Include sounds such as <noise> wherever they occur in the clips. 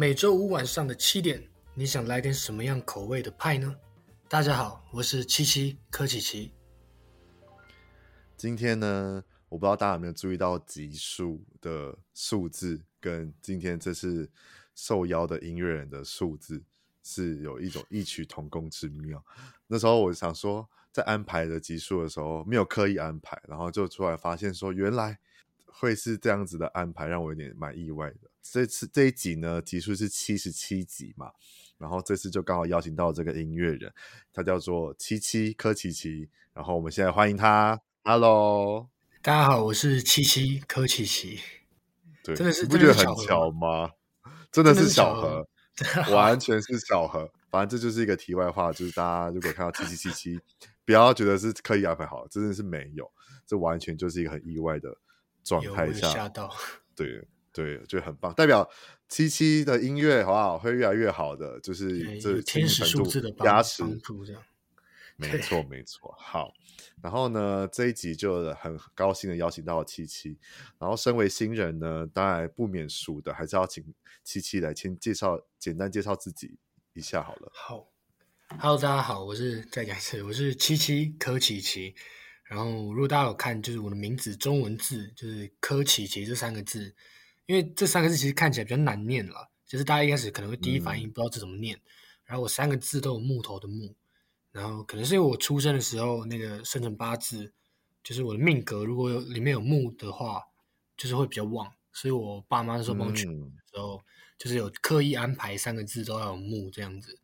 每週五晚上的七點，你想來點什麼樣口味的派呢？大家好，我是 77Ke 柯棨棋。今天呢，我不知道大家有沒有注意到集數的數字跟今天這次受邀的音樂人的數字是有一種異曲同工之妙。 <laughs> 那時候我想說，在安排的集數的時候沒有刻意安排，然後就出來發現說，原來會是這樣子的安排，讓我有點蠻意外的。這次這一集呢，集數是七十七集嘛，然後這次就剛好邀請到這個音樂人，他叫做 77Ke 柯棨棋，然後我們現在歡迎他，Hello，大家好，我是 77Ke 柯棨棋。對，真的是你不覺得很巧嗎？真的是巧合，完全是巧合，反正這就是一個題外話，就是大家如果看到七七七七，不要覺得是刻意安排好，真的是沒有，這完全就是一個很意外的狀態下，有沒有嚇到，對。對，就很棒，代表七七的音樂，好不好？會越來越好的，就是有天使數字的幫幫助，這樣沒錯，沒錯。好，然後呢，這一集就很高興的邀請到了七七。然後，身為新人呢，當然不免俗的，還是要請七七來先介紹，簡單介紹自己一下好了。好，Hello，大家好，我是再講一次，我是七七柯棨棋。然後，如果大家有看，就是我的名字中文字，就是柯棨棋這三個字。因為這三個字其實看起來比較難唸了，就是大家一開始可能會第一反應不知道這怎麼唸，嗯。然後我三個字都有木頭的木，然後可能是因為我出生的時候那個生辰八字，就是我的命格，如果有裡面有木的話，就是會比較旺。所以我爸媽那時候幫我取，嗯，的時候，就是有刻意安排三個字都要有木這樣子。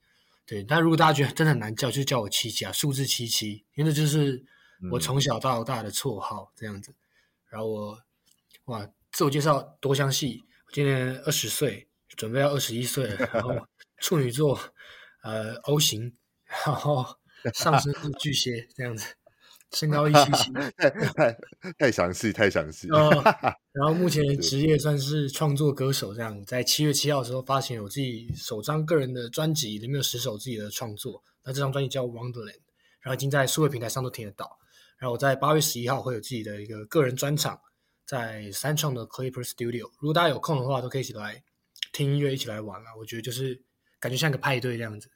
對，但如果大家覺得真的很難叫，就叫我七七啊，數字七七，因為這就是我從小到大的綽號這樣子。嗯，這樣子然後我，哇。自我介紹多詳細！我今年二十歲，準備要二十一歲了。然後處女座，呃 O 型，然後上升是巨蟹 <laughs> 這樣子，身高一七七，太詳細，太詳細。哦，然後目前職業算是創作歌手這樣，在七月七號的時候發行我自己首張個人的專輯，裡面有十首自己的創作。那這張專輯叫 Wonderland，然後已經在數位平台上都聽得到。然後我在八月十一號會有自己的一個個人專場。在三創的 Clapper Studio，如果大家有空的話，都可以一起來聽音樂，一起來玩啊，我覺得就是感覺像個派對這樣子。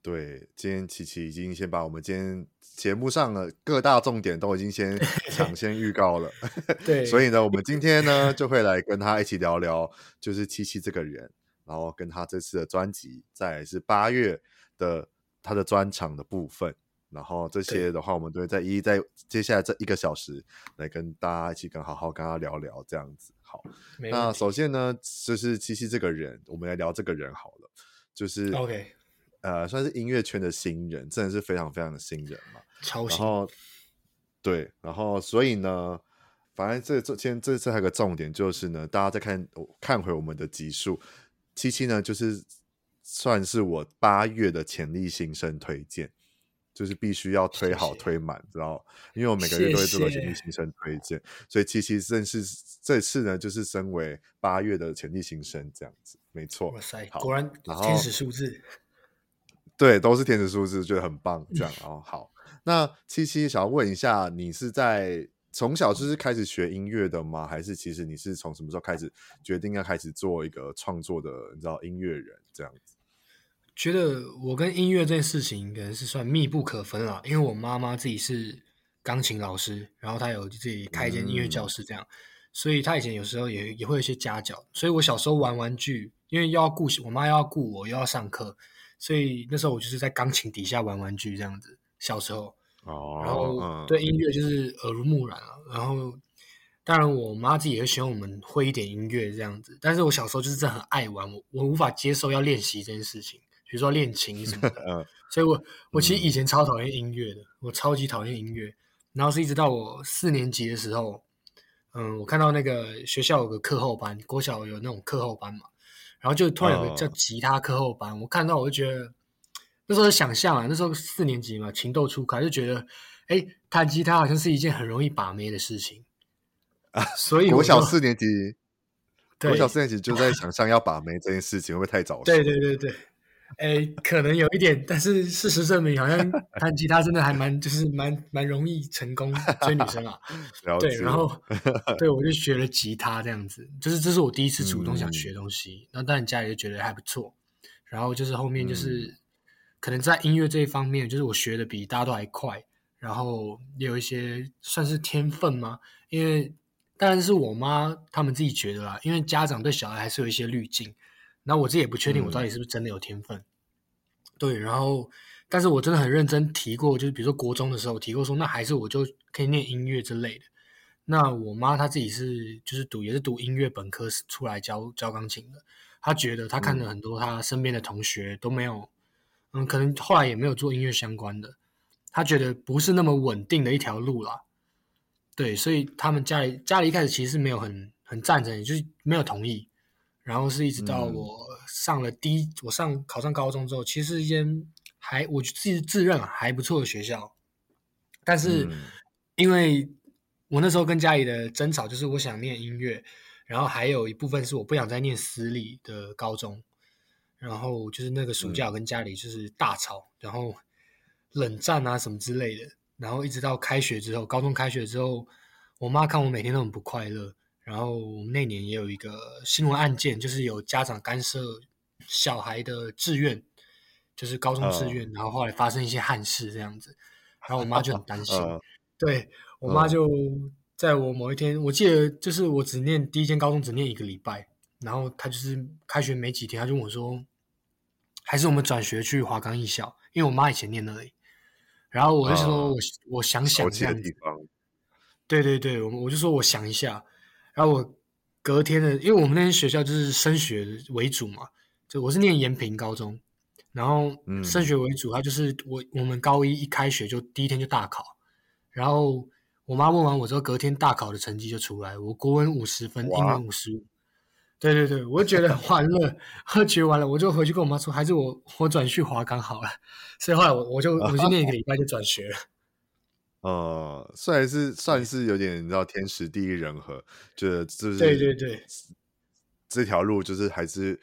對，今天77已經先把我們今天節目上的各大重點都已經先搶 <laughs> 先預告了。 <laughs> 對， <laughs> 所以呢，我們今天呢就會來跟他一起聊聊，就是77這個人，然後跟他這次的專輯，再是八月的他的專場的部分。然後這些的話，我們都會再一一在接下來這一個小時來跟大家一起跟好好跟他聊聊這樣子。好，那首先呢，就是七七這個人，我們來聊這個人好了。就是、哦、OK，呃，算是音樂圈的新人，真的是非常非常的新人嘛。超新。然後對，然後所以呢，反正這這今天這，這，這次還有個重點就是呢，大家再看看回我們的集數，七七呢就是算是我八月的潛力新聲推薦。就是必須要推好推滿，知道嗎？因為我每個月都會做個潛力新生推薦，所以七七正是這次呢，就是身為八月的潛力新生這樣子，沒錯。哇塞，果然，然天使數字，對，都是天使數字，覺得很棒。這樣哦，好、嗯。那七七想要問一下，你是在從小就是，是開始學音樂的嗎？還是其實你是從什麼時候開始決定要開始做一個創作的？你知道音樂人這樣子？覺得我跟音樂這件事情可能是算密不可分啦，因為我媽媽自己是鋼琴老師，然後她有自己開一間音樂教室這樣，嗯、所以她以前有時候也也會有些家教。所以我小時候玩玩具，因為又要顧我媽又要顧我又要上課，所以那時候我就是在鋼琴底下玩玩具這樣子。小時候，哦，然後對音樂就是耳濡目染了、啊嗯。然後當然我媽自己也喜歡我們會一點音樂這樣子，但是我小時候就是真的很愛玩，我我無法接受要練習這件事情。比如說練琴什麼的， <laughs> 所以我我其實以前超討厭音樂的、嗯，我超級討厭音樂。然後是一直到我四年級的時候，嗯，我看到那個學校有個課後班，國小有那種課後班嘛，然後就突然有個叫吉他課後班，哦、我看到我就覺得那時候想象啊，那時候四年級嘛，情竇初開，就覺得哎，彈吉他好像是一件很容易把妹的事情啊。所以國小四年級，對，國小四年級就在想象要把妹這件事情會不會太早？ <laughs> 對對對對。哎，可能有一點，但是事實證明，好像彈吉他真的還蠻， <laughs> 就是蠻蠻容易成功追女生啊。對，然後對，我就學了吉他這樣子，就是這是我第一次主動想學東西、嗯。然後當然家裡就覺得還不錯，然後就是後面就是、嗯、可能在音樂這一方面，就是我學的比大家都還快，然後也有一些算是天分嗎？因為當然是我媽他們自己覺得啦，因為家長對小孩還是有一些濾鏡。那我自己也不確定，我到底是不是真的有天分。嗯。對，然後，但是我真的很認真提過，就是比如說國中的時候提過說，那還是我就可以念音樂之類的。那我媽她自己是就是讀也是讀音樂本科出來教教鋼琴的，她覺得她看了很多她身邊的同學都沒有，嗯，可能後來也沒有做音樂相關的，她覺得不是那麼穩定的一條路啦。對，所以他們家裡家裡一開始其實是沒有很很贊成，就是沒有同意。然後是一直到我上了第一，嗯、我上考上高中之後，其實是一間還我自己自認啊還不錯的學校，但是因為我那時候跟家裡的爭吵，就是我想念音樂，然後還有一部分是我不想再念私立的高中，然後就是那個暑假我跟家裡就是大吵，嗯，然後冷戰啊什麼之類的，然後一直到開學之後，高中開學之後，我媽看我每天都很不快樂。然後那年也有一個新聞案件，就是有家長干涉小孩的志願，就是高中志願，uh, 然後後來發生一些憾事這樣子。然後我媽就很擔心，uh, uh, 對，我媽就在我某一天，uh, 我記得就是我只念第一天高中，只念一個禮拜，然後她就是開學沒幾天，她就問我說，還是我們轉學去華岡藝校，因為我媽以前念那裡。然後我就說我、uh, 我想想這樣子，對對對，我我就說我想一下。然後我隔天的，因為我們那邊學校就是升學為主嘛，就我是念延平高中，然後升學為主，它就是我、嗯、我們高一一開學就第一天就大考，然後我媽問完我之後，隔天大考的成績就出來，我國文五十分，英文五十五，對對對，我就覺得完了，我 <laughs> 絕完了，我就回去跟我媽說，還是我我轉去華岡好了，所以後來我就我就我就念一個禮拜就轉學了。 <laughs> 呃，算是算是有點，你知道天時地利人和，覺得就是，對對對，這條路就是還是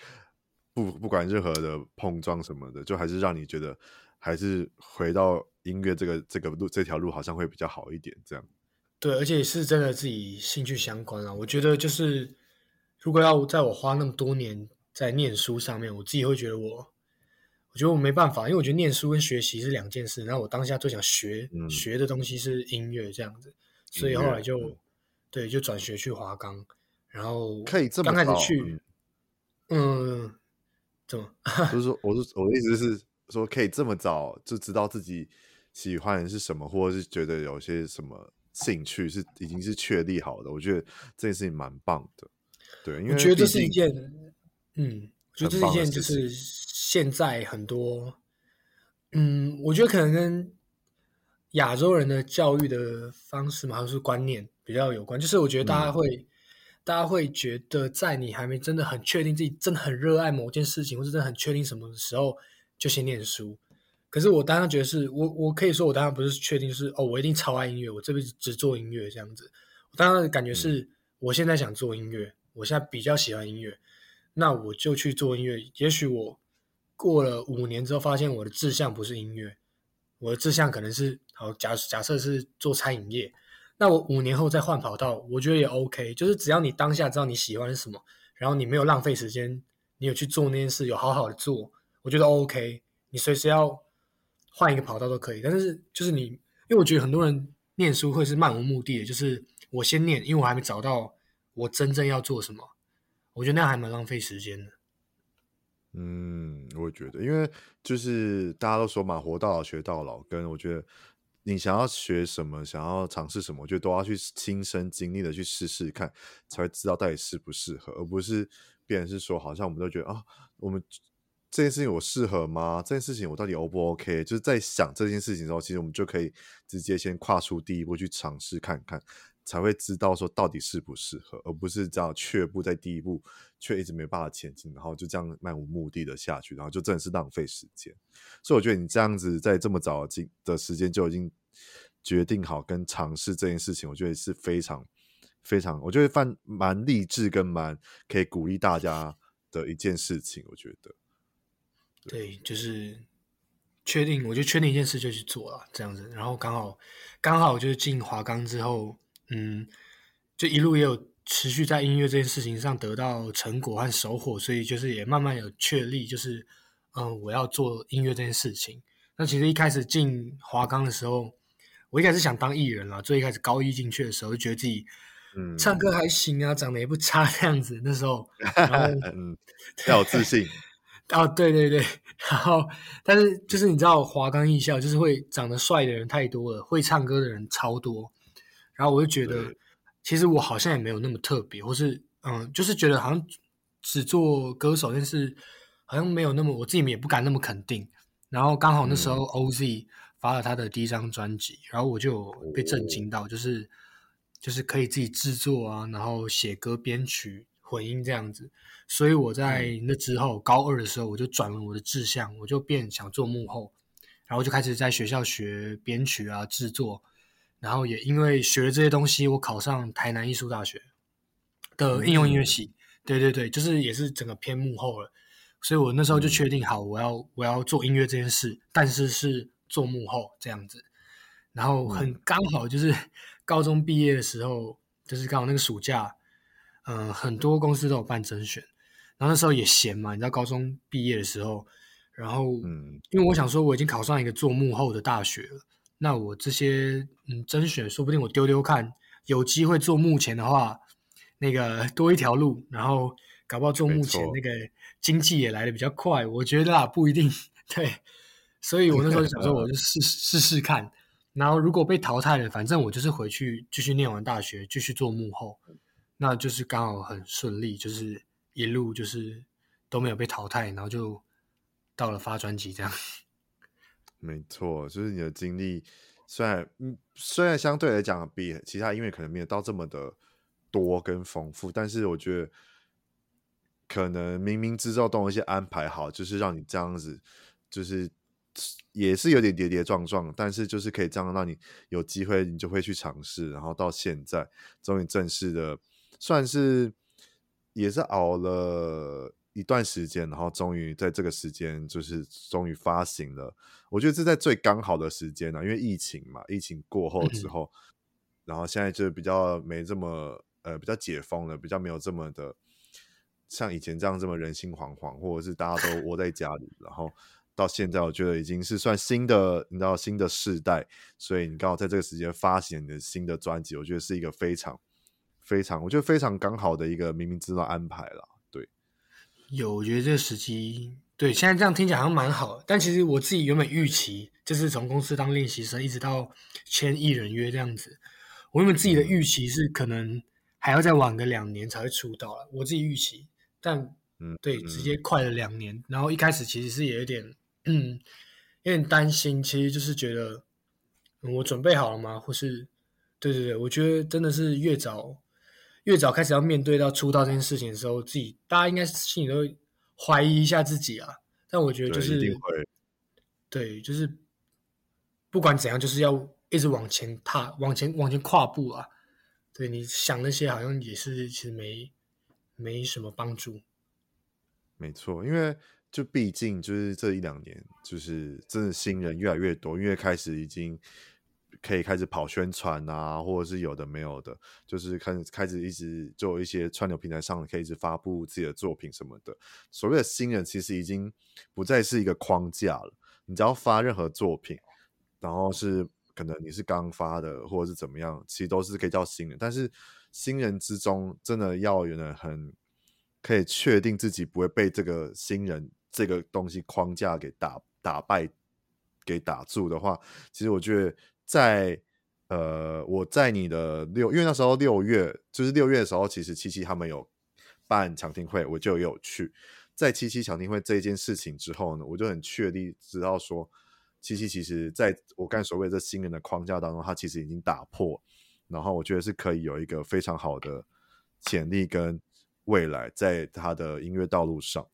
不不管任何的碰撞什麼的，就還是讓你覺得還是回到音樂這個、這個、這個路這條路好像會比較好一點，這樣。對，而且是真的自己興趣相關啊，我覺得就是如果要在我花那麼多年在念書上面，我自己會覺得我。我覺得我沒辦法，因為我覺得念書跟學習是兩件事。然後我當下最想學、嗯、學的東西是音樂，這樣子、嗯，所以後來就、嗯、對，就轉學去華岡。然後可以這麼早去、啊，嗯，怎麼？不是說，我是我的意思是說，可以這麼早就知道自己喜歡的是什麼，或者是覺得有些什麼興趣是已經是確立好的。我覺得這件事情蠻棒的，對，因為我覺得這是一件，嗯，我覺得這是一件就是。現在很多，嗯，我覺得可能跟亞洲人的教育的方式嘛，還是觀念比較有關。就是我覺得大家會，嗯、大家會覺得，在你還沒真的很確定自己真的很熱愛某件事情，或者真的很確定什麼的時候，就先念書。可是我當然覺得是我，我可以說我當然不是確定、就是，是哦，我一定超愛音樂，我這輩子只做音樂這樣子。我當然感覺是、嗯，我現在想做音樂，我現在比較喜歡音樂，那我就去做音樂。也許我。過了五年之後，發現我的志向不是音樂，我的志向可能是好，假假設是做餐飲業，那我五年後再換跑道，我覺得也 OK。就是只要你當下知道你喜歡什麼，然後你沒有浪費時間，你有去做那件事，有好好的做，我覺得 OK。你隨時要換一個跑道都可以。但是就是你，因為我覺得很多人念書會是漫無目的的，就是我先念，因為我還沒找到我真正要做什麼，我覺得那樣還蠻浪費時間的。嗯，我也覺得，因為就是大家都說嘛，活到老學到老。跟我覺得，你想要學什麼，想要嘗試什麼，我覺得都要去親身經歷的去試試看，才會知道到底適不適合，而不是別人是說，好像我們都覺得啊，我們這件事情我適合嗎？這件事情我到底 O 不 OK？就是在想這件事情的時候，其實我們就可以直接先跨出第一步去嘗試看看。才會知道說到底適不適合，而不是只要卻步在第一步，卻一直沒辦法前進，然後就這樣漫無目的的下去，然後就真的是浪費時間。所以我覺得你這樣子在這麼早的時間就已經決定好跟嘗試這件事情，我覺得是非常非常，我覺得蠻蠻勵志跟蠻可以鼓勵大家的一件事情。我覺得對，對，就是確定，我就確定一件事就去做了，這樣子，然後剛好剛好就是進華岡之後。嗯，就一路也有持續在音樂這件事情上得到成果和收穫，所以就是也慢慢有確立，就是，嗯，我要做音樂這件事情。那其實一開始進華岡的時候，我一開始想當藝人啦。最一開始高一進去的時候，就覺得自己，嗯，唱歌還行啊、嗯，長得也不差這樣子。那時候，哈 <laughs> 哈，很、嗯、有自信 <laughs> 啊！對對對，然後，但是就是你知道華岡藝校，就是會長得帥的人太多了，會唱歌的人超多。然後我就覺得，其實我好像也沒有那麼特別，或是嗯，就是覺得好像只做歌手，但是好像沒有那麼，我自己也不敢那麼肯定。然後剛好那時候 OZ 發了他的第一張專輯，然後我就被震驚到，就是就是可以自己制作啊，然後寫歌、編曲、混音這樣子。所以我在那之後，高二的時候我就轉了我的志向，我就變想做幕後，然後就開始在學校學編曲啊、制作。然後也因為學了這些東西，我考上台南藝術大學的應用音樂系。嗯、對對對，就是也是整個偏幕後了，所以我那時候就確定、嗯、好，我要我要做音樂這件事，但是是做幕後這樣子。然後很剛好就是高中畢業的時候，就是剛好那個暑假，嗯、呃，很多公司都有辦甄選。然後那時候也閒嘛，你知道高中畢業的時候，然後嗯，因為我想說我已經考上一個做幕後的大學了。那我這些嗯，甄選說不定我丟丟看，有機會做幕前的話，那個多一條路。然後搞不好做幕前那個經濟也來得比較快。我覺得啊，不一定對。所以我那時候就想說，我就試 <laughs> 試試看。然後如果被淘汰了，反正我就是回去繼續念完大學，繼續做幕後，那就是剛好很順利，就是一路就是都沒有被淘汰，然後就到了發專輯這樣。 <laughs> 沒錯，就是你的經歷，雖然雖然相對來講比其他音樂可能沒有到這麼的多跟豐富，但是我覺得可能冥冥之中都有一些安排好，就是讓你這樣子，就是也是有點跌跌撞撞，但是就是可以這樣讓你有機會，你就會去嘗試，然後到現在終於正式的算是也是熬了。一段時間，然後終於在這個時間，就是終於發行了。我覺得是在最剛好的時間了，因為疫情嘛，疫情過後之後，嗯、然後現在就比較沒這麼呃，比較解封了，比較沒有這麼的像以前這樣這麼人心惶惶，或者是大家都窩在家裡。 <laughs> 然後到現在，我覺得已經是算新的，你知道新的世代，所以你剛好在這個時間發行你的新的專輯，我覺得是一個非常非常，我覺得非常剛好的一個冥冥之中安排了。有，我覺得這個時機，對，現在這樣聽起來好像蠻好。但其實我自己原本預期，就是從公司當練習生一直到簽藝人約這樣子。我原本自己的預期是可能還要再晚個兩年才會出道了，我自己預期。但，嗯，對，直接快了兩年，嗯嗯。然後一開始其實是也有點，嗯，有點擔心，其實就是覺得，嗯、我準備好了嗎？或是，對對對，我覺得真的是越早。越早開始要面對到出道這件事情的時候，自己大家應該心裡都會懷疑一下自己啊。但我覺得就是對，一定會，對，就是不管怎樣，就是要一直往前踏，往前往前跨步啊。對，你想那些好像也是，其實沒沒什麼幫助。沒錯，因為就畢竟就是這一兩年，就是真的新人越來越多，因為開始已經。可以開始跑宣傳啊，或者是有的沒有的，就是開始開始一直做一些串流平台上可以一直發佈自己的作品什麼的。所謂的新人其實已經不再是一個框架了。你只要發任何作品，然後是可能你是剛發的或者是怎麼樣，其實都是可以叫新人。但是新人之中真的要有人很可以確定自己不會被這個新人這個東西框架給打打敗給打住的話，其實我覺得。在呃，我在你的六，因為那時候六月就是六月的時候，其實七七他們有辦搶聽會，我就有去。在七七搶聽會這件事情之後呢，我就很確定知道說，七七其實在我剛所謂這新人的框架當中，他其實已經打破，然後我覺得是可以有一個非常好的潛力跟未來在他的音樂道路上。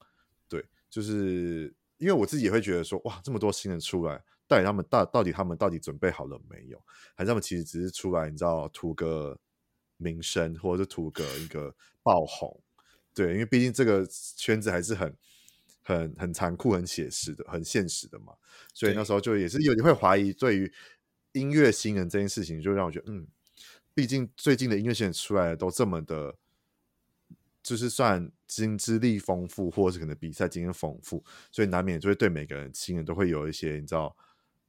對，就是因為我自己也會覺得說，哇，這麼多新人出來。到底他們到，到底他們到底準備好了沒有？還是他們其實只是出來，你知道，圖個名聲，或者是圖個一個爆紅？對，因為畢竟這個圈子還是很、很、很殘酷、很寫實的、很現實的嘛。所以那時候就也是有你會懷疑，對於音樂新人這件事情，就讓我覺得，嗯，畢竟最近的音樂新人出來的都這麼的，就是算經資歷豐富，或者是可能比賽經驗豐富，所以難免就會對每個人新人都會有一些，你知道。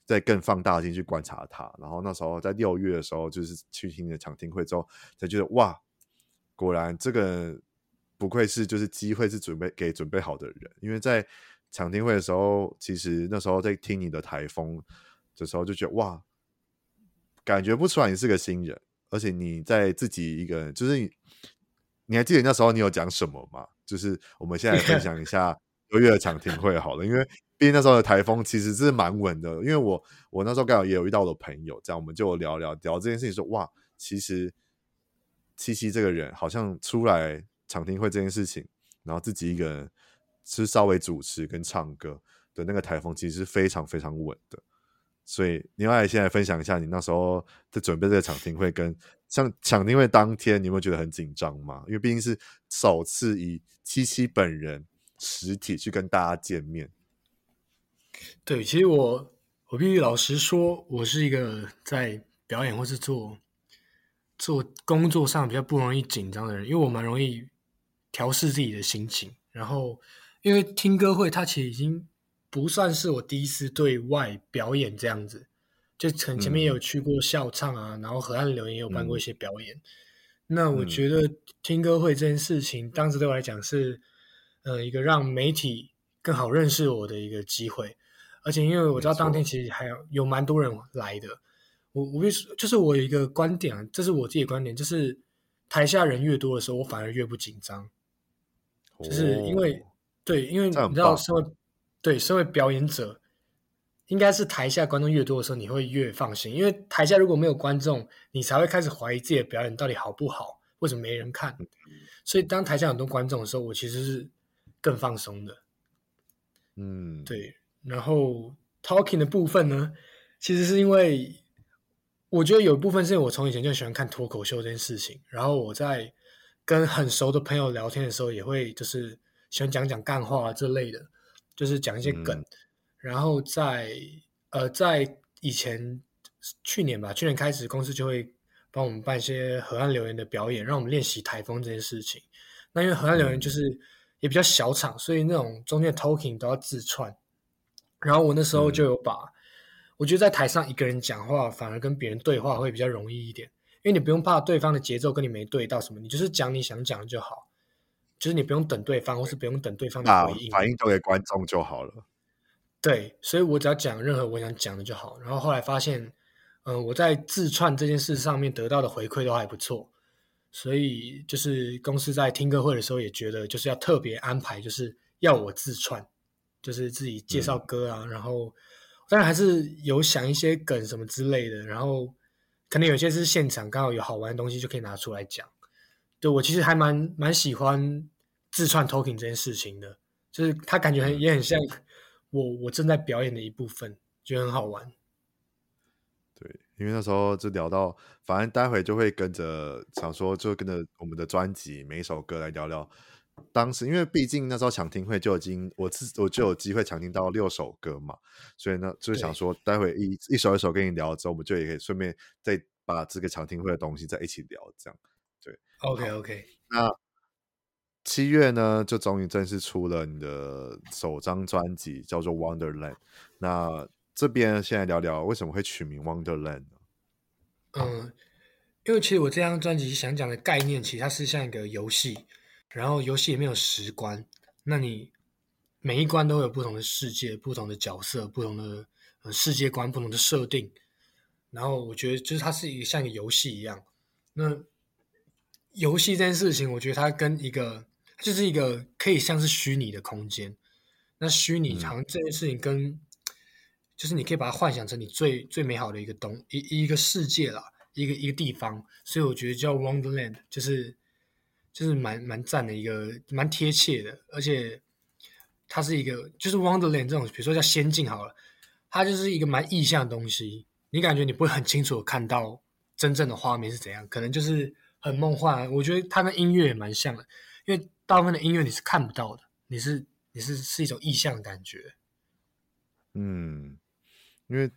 在更放大鏡去觀察他，然後那時候在六月的時候，就是去聽你的場聽會之後，才覺得哇，果然這個不愧是，就是機會是準備給準備好的人，因為在場聽會的時候，其實那時候在聽你的台風的時候，就覺得哇，感覺不出來你是個新人，而且你在自己一個人，就是你，你還記得那時候你有講什麼嗎？就是我們現在分享一下六月的場聽會好了， <laughs> 因為。畢竟那時候的台風其實是蠻穩的，因為我我那時候剛好也有遇到我的朋友，這樣我們就聊聊聊這件事情說，說哇，其實七七這個人好像出來場聽會這件事情，然後自己一個人是稍微主持跟唱歌的那個台風，其實是非常非常穩的。所以另外現在分享一下，你那時候在準備這個場聽會跟，跟像場聽會當天，你有沒有覺得很緊張嘛？因為畢竟是首次以七七本人實體去跟大家見面。對，其實我我必須老實說，我是一個在表演或是做做工作上比較不容易緊張的人，因為我蠻容易調適自己的心情。然後，因為聽歌會，它其實已經不算是我第一次對外表演這樣子，就前前面也有去過校唱啊，嗯，然後河岸留言也有辦過一些表演。嗯，那我覺得聽歌會這件事情，嗯，當時對我來講是，呃，一個讓媒體更好認識我的一個機會。而且因為我知道當天其實還有有蠻多人來的，我我就是我有一個觀點啊，這是我自己的觀點，就是台下人越多的時候，我反而越不緊張，就是因為、哦、對，因為你知道身為，對，身為表演者，應該是台下觀眾越多的時候，你會越放心，因為台下如果沒有觀眾，你才會開始懷疑自己的表演到底好不好，為什麼沒人看？所以當台下很多觀眾的時候，我其實是更放鬆的，嗯，對。然後 talking 的部分呢，其實是因為我覺得有一部分是我從以前就喜歡看脫口秀這件事情，然後我在跟很熟的朋友聊天的時候，也會就是喜歡講講幹話之類的，就是講一些梗。嗯、然後在呃在以前去年吧，去年開始公司就會幫我們辦一些河岸留言的表演，讓我們練習台風這件事情。那因為河岸留言就是也比較小場、嗯，所以那種中間的 talking 都要自串。然後我那時候就有把、嗯，我覺得在台上一個人講話，反而跟別人對話會比較容易一點，因為你不用怕對方的節奏跟你沒對到什麼，你就是講你想講就好，就是你不用等對方，或是不用等對方的回應，反應都給觀眾就好了。對，所以我只要講任何我想講的就好。然後後來發現，嗯、呃，我在自串這件事上面得到的回饋都還不錯，所以就是公司在聽歌會的時候也覺得就是要特別安排，就是要我自串。就是自己介紹歌啊、嗯，然後當然還是有想一些梗什麼之類的，然後可能有些是現場剛好有好玩的東西就可以拿出來講。對，我其實還蠻蠻喜歡自創 talking 這件事情的，就是他感覺也很像我、嗯、我，我正在表演的一部分，覺得很好玩。對，因為那時候就聊到，反正待會就會跟着想說，就跟着我們的專輯每一首歌來聊聊。當時，因為畢竟那時候搶聽會就已經，我自我就有機會搶聽到六首歌嘛，所以呢，就是想說，待會一一首一首跟你聊之後，我們就也可以順便再把這個搶聽會的東西再一起聊，這樣。對，OK OK 那。那七月呢，就終於正式出了你的首張專輯，叫做 Wonderland,《Wonderland》。那這邊先來聊聊為什麼會取名《Wonderland》呢？嗯，因為其實我這張專輯想講的概念，其實它是像一個遊戲。然後遊戲裡面有十關，那你每一關都會有不同的世界、不同的角色、不同的世界觀、不同的設定。然後我覺得，就是它是一個像一個遊戲一樣。那遊戲這件事情，我覺得它跟一個就是一個可以像是虛擬的空間。那虛擬好像這件事情跟，嗯、就是你可以把它幻想成你最最美好的一個東一一個世界啦，一個一個地方。所以我覺得叫 Wonderland 就是。就是蠻蠻讚的一個蠻貼切的，而且它是一個就是 Wonderland 這種，比如說叫仙境好了，它就是一個蠻意象的東西。你感覺你不會很清楚看到真正的畫面是怎樣，可能就是很夢幻啊。我覺得它的音樂也蠻像的，因為大部分的音樂你是看不到的，你是你是是一種意象的感覺。嗯，因為。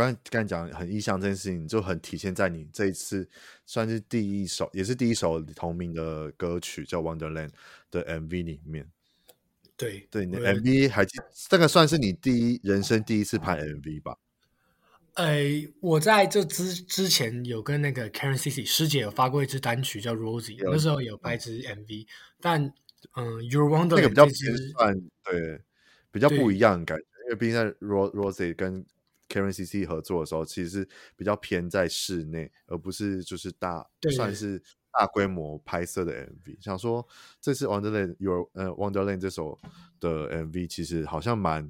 剛剛才講很意象這件事情，就很體現在你這一次算是第一首，也是第一首同名的歌曲叫《Wonderland》的 MV 裡面。對對，那 MV 還記得這個算是你第一、嗯、人生第一次拍 MV 吧？哎，我在這之之前有跟那個 Karencici 師姐有發過一支單曲叫 Rosie，那時候有拍一支 MV，但嗯，Your Wonderland 那個比較偏暗，對比較不一樣感覺，因為畢竟在 Rosie 跟 Karanen CC 合作的時候，其實是比較偏在室內，而不是就是大對算是大規模拍攝的 MV。想說這次 Wonderland Your, 呃 Wonderland 這首的 MV，其實好像蠻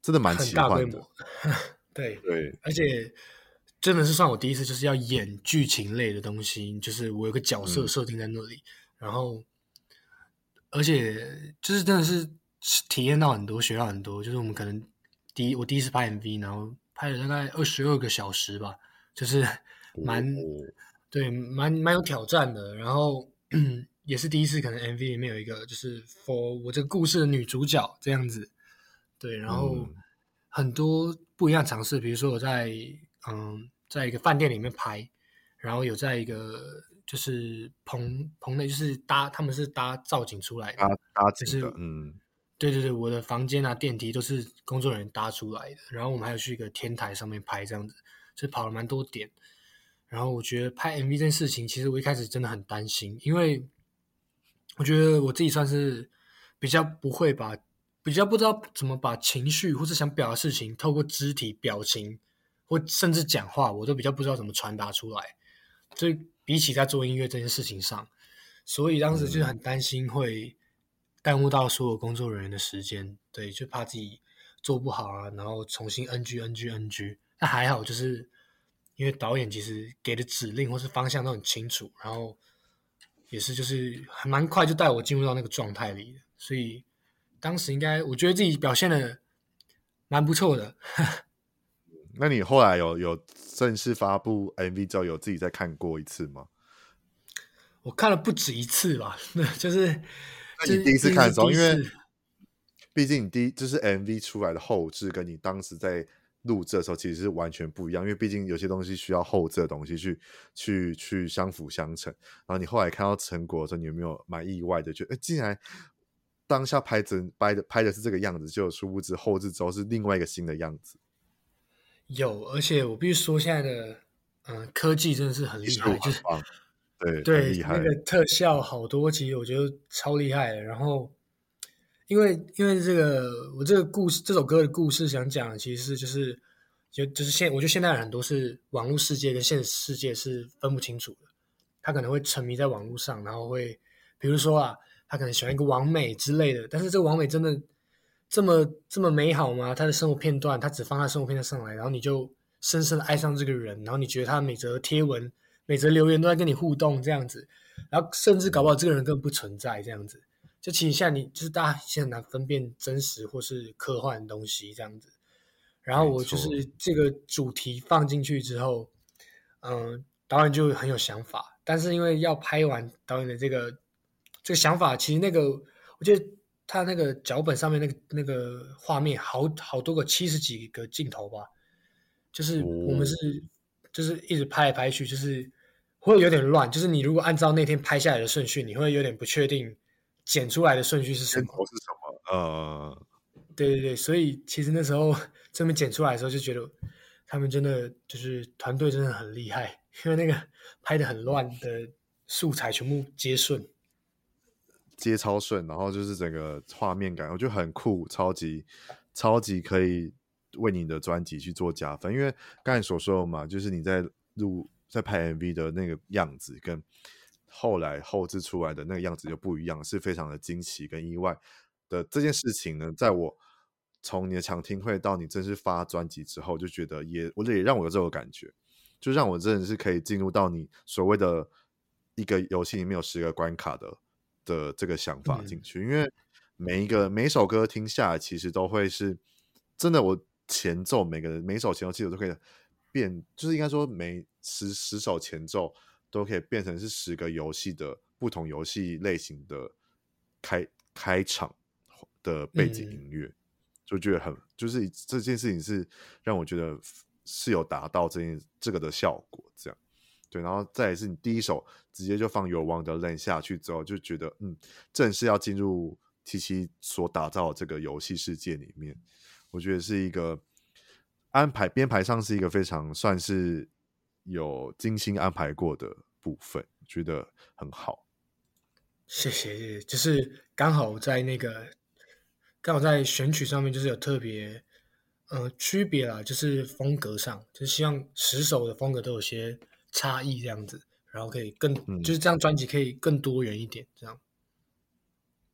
真的蠻奇幻。的， <laughs> 對對，而且真的是算我第一次就是要演劇情類的東西，就是我有個角色設定在那裡，嗯、然後而且就是真的是體驗到很多，學到很多。就是我們可能第一我第一次拍 MV，然後。拍了大概二十二個小時吧，就是蠻哦哦對，蠻蠻有挑戰的。然後也是第一次，可能 MV 裡面有一個，就是 For 我這個故事的女主角這樣子。對，然後很多不一樣嘗試、嗯，比如說我在嗯，在一個飯店裡面拍，然後有在一個就是棚、嗯、棚內，就是搭，他們是搭造景出來的，搭，搭景的、就是嗯。對對對，我的房間啊、電梯都是工作人員搭出來的。然後我們還有去一個天台上面拍這樣子、嗯，就跑了蠻多點。然後我覺得拍 MV 這件事情，其實我一開始真的很擔心，因為我覺得我自己算是比較不會把，比較不知道怎麼把情緒或是想表達事情透過肢體、表情或甚至講話，我都比較不知道怎麼傳達出來。所以比起在做音樂這件事情上，所以當時就很擔心會。嗯耽誤到所有工作人員的時間，對，就怕自己做不好啊，然後重新 NG NG NG。那還好，就是因為導演其實給的指令或是方向都很清楚，然後也是就是還蠻快就帶我進入到那個狀態裡。所以當時應該我覺得自己表現的蠻不錯的。 <laughs> 那你後來有有正式發布 MV 之後，有自己再看過一次嗎？我看了不止一次吧，就是。那你第一次看的時候，因為畢竟你第一就是 MV 出來的後製，跟你當時在錄製的時候其實是完全不一樣，因為畢竟有些東西需要後製的東西去去去相輔相成。然後你後來看到成果的時候，你有沒有蠻意外的？就呃、欸、竟然當下拍整拍的拍的是這個樣子，就殊不知後製之後是另外一個新的樣子。有，而且我必須說，現在的嗯、呃、科技真的是很厲害很，就是。對，對，那個特效好多，其實我覺得超厲害的。然後，因為因為這個，我這個故事，這首歌的故事想講，其實是就是就就是現，我覺得現在有很多是網絡世界跟現實世界是分不清楚的。他可能會沉迷在網絡上，然後會，比如說啊，他可能喜歡一個網美之類的，但是這個網美真的這麼這麼美好嗎？他的生活片段，他只放他生活片段上來，然後你就深深的愛上這個人，然後你覺得他每則貼文。每則留言都在跟你互動這樣子，然後甚至搞不好這個人根本不存在這樣子，就其實像你，就是大家現在很難分辨真實或是科幻的東西這樣子。然後我就是這個主題放進去之後，嗯，導演就很有想法，但是因為要拍完，導演的這個這個想法，其實那個我覺得他那個腳本上面那個那個畫面好，好好多個七十幾個鏡頭吧，就是我們是就是一直拍來拍去，就是。會有點亂，就是你如果按照那天拍下來的順序，你會有點不確定剪出來的順序是，順序是什麼。呃，對對對，所以其實那時候這麼剪出來的時候就覺得他們真的就是團隊真的很厲害，因為那個拍得很亂的素材全部接順，接超順，然後就是整個畫面感，我覺得很酷，超級超級可以為你的專輯去做加分。因為剛才所說的嘛，就是你在錄。在拍 MV 的那個樣子，跟後來後製出來的那個樣子就不一樣，是非常的驚奇跟意外的這件事情呢。在我從你的搶聽會到你正式發專輯之後，就覺得也我也讓我有這種感覺，就讓我真的是可以進入到你所謂的一個遊戲裡面有十個關卡的的這個想法進去。嗯、因為每一個每一首歌聽下來，其實都會是真的。我前奏每個每一首前奏其實我都可以。變，就是應該說，每十十首前奏都可以變成是十個遊戲的不同遊戲類型的開開場的背景音樂、嗯，就覺得很就是這件事情是讓我覺得是有達到這件這個的效果，這樣對，然後再也是你第一首直接就放《Wonderland》下去之後，就覺得嗯，正式要進入77所打造的這個遊戲世界裡面，我覺得是一個。安排編排上是一個非常算是有精心安排過的部分，覺得很好。謝謝，就是剛好在那個剛好在選曲上面，就是有特別呃區別啦，就是風格上，就是，希望十首的風格都有些差異這樣子，然後可以更，嗯、就是這樣專輯可以更多元一點這樣。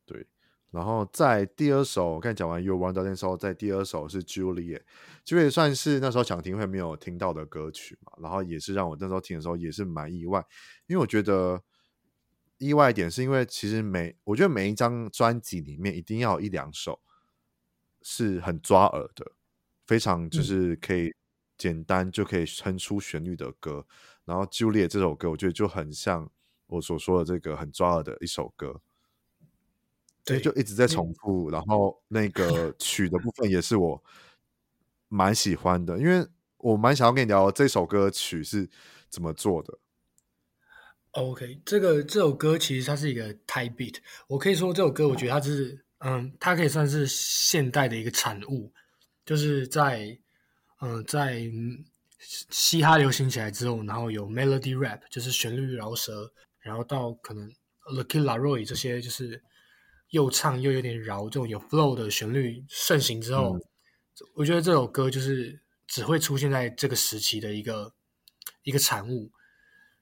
對。然後在第二首，剛才講完《Wonderland》的時候，在第二首是《Juliet》，《Juliet》算是那時候想聽，會沒有聽到的歌曲嘛。然後也是讓我那時候聽的時候也是蠻意外，因為我覺得意外一點是因為其實每我覺得每一張專輯裡面一定要有一兩首是很抓耳的，非常就是可以簡單就可以哼出旋律的歌。嗯、然後《Juliet》這首歌，我覺得就很像我所說的這個很抓耳的一首歌。對，就一直在重複，然後那個曲的部分也是我蠻喜歡的， <laughs> 因為我蠻想要跟你聊這首歌曲是怎麼做的。OK，這個這首歌其實它是一個 type beat，我可以說這首歌我覺得它是嗯，嗯，它可以算是現代的一個產物，就是在嗯在嘻哈流行起來之後，然後有 melody rap，就是旋律饒舌，然後到可能 Lucky Laroy 這些就是。嗯又唱又有點饒，這種有 flow 的旋律盛行之後、嗯，我覺得這首歌就是只會出現在這個時期的一個一個產物。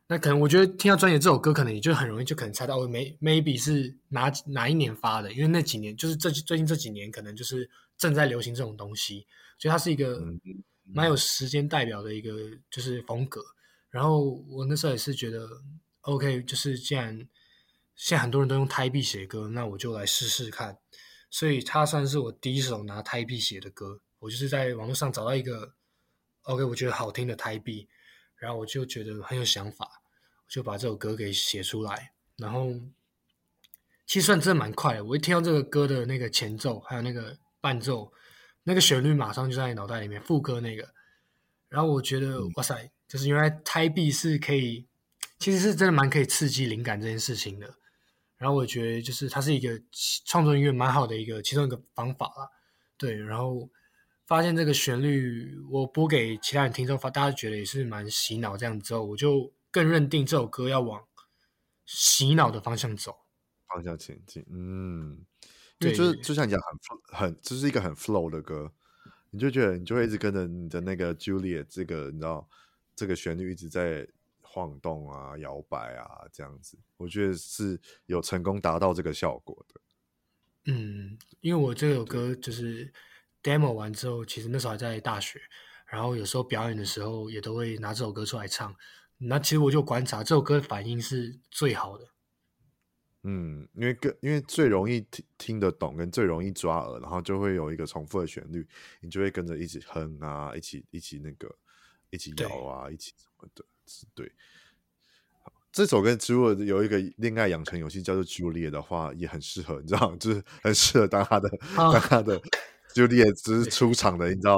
那可能我覺得聽到專輯這首歌，可能也就很容易就可能猜到 m、oh, maybe 是哪、嗯、哪一年發的，因為那幾年就是這最近這幾年，可能就是正在流行這種東西，所以它是一個蠻有時間代表的一個就是風格。嗯、然後我那時候也是覺得 OK，就是既然。現在很多人都用 type beat 寫歌，那我就來試試看。所以它算是我第一首拿 type beat 寫的歌。我就是在網絡上找到一個 OK，我覺得好聽的 type beat，然後我就覺得很有想法，就把這首歌給寫出來。然後其實算真的蠻快的。我一聽到這個歌的那個前奏，還有那個伴奏，那個旋律馬上就在腦袋裡面。副歌那個，然後我覺得、嗯、哇塞，就是原來 type beat 是可以，其實是真的蠻可以刺激靈感這件事情的。然後我覺得就是它是一個創作音樂蠻好的一個其中一個方法啦，對。然後發現這個旋律我播給其他人聽之後，發大家覺得也是蠻洗腦這樣之後，我就更認定這首歌要往洗腦的方向走，方向前進。嗯，對，因為就是就像你講，很很就是一個很 flow 的歌，你就覺得你就會一直跟着你的那個 Juliet 這個你知道這個旋律一直在。晃動啊，搖擺啊，這樣子，我覺得是有成功達到這個效果的。嗯，因為我這首歌就是 demo 完之後，其實那時候還在大學，然後有時候表演的時候也都會拿這首歌出來唱。那其實我就觀察這首歌的反應是最好的。嗯，因為更，因為最容易聽聽得懂，跟最容易抓耳，然後就會有一個重複的旋律，你就會跟着一起哼啊，一起一起那個，一起搖啊，一起什麼的。對，這首跟《植物》有一個戀愛養成遊戲叫做《Julia》的話，也很適合，你知道，就是很適合當他的、當他的《 <laughs> Julia》只是出場的，你知道，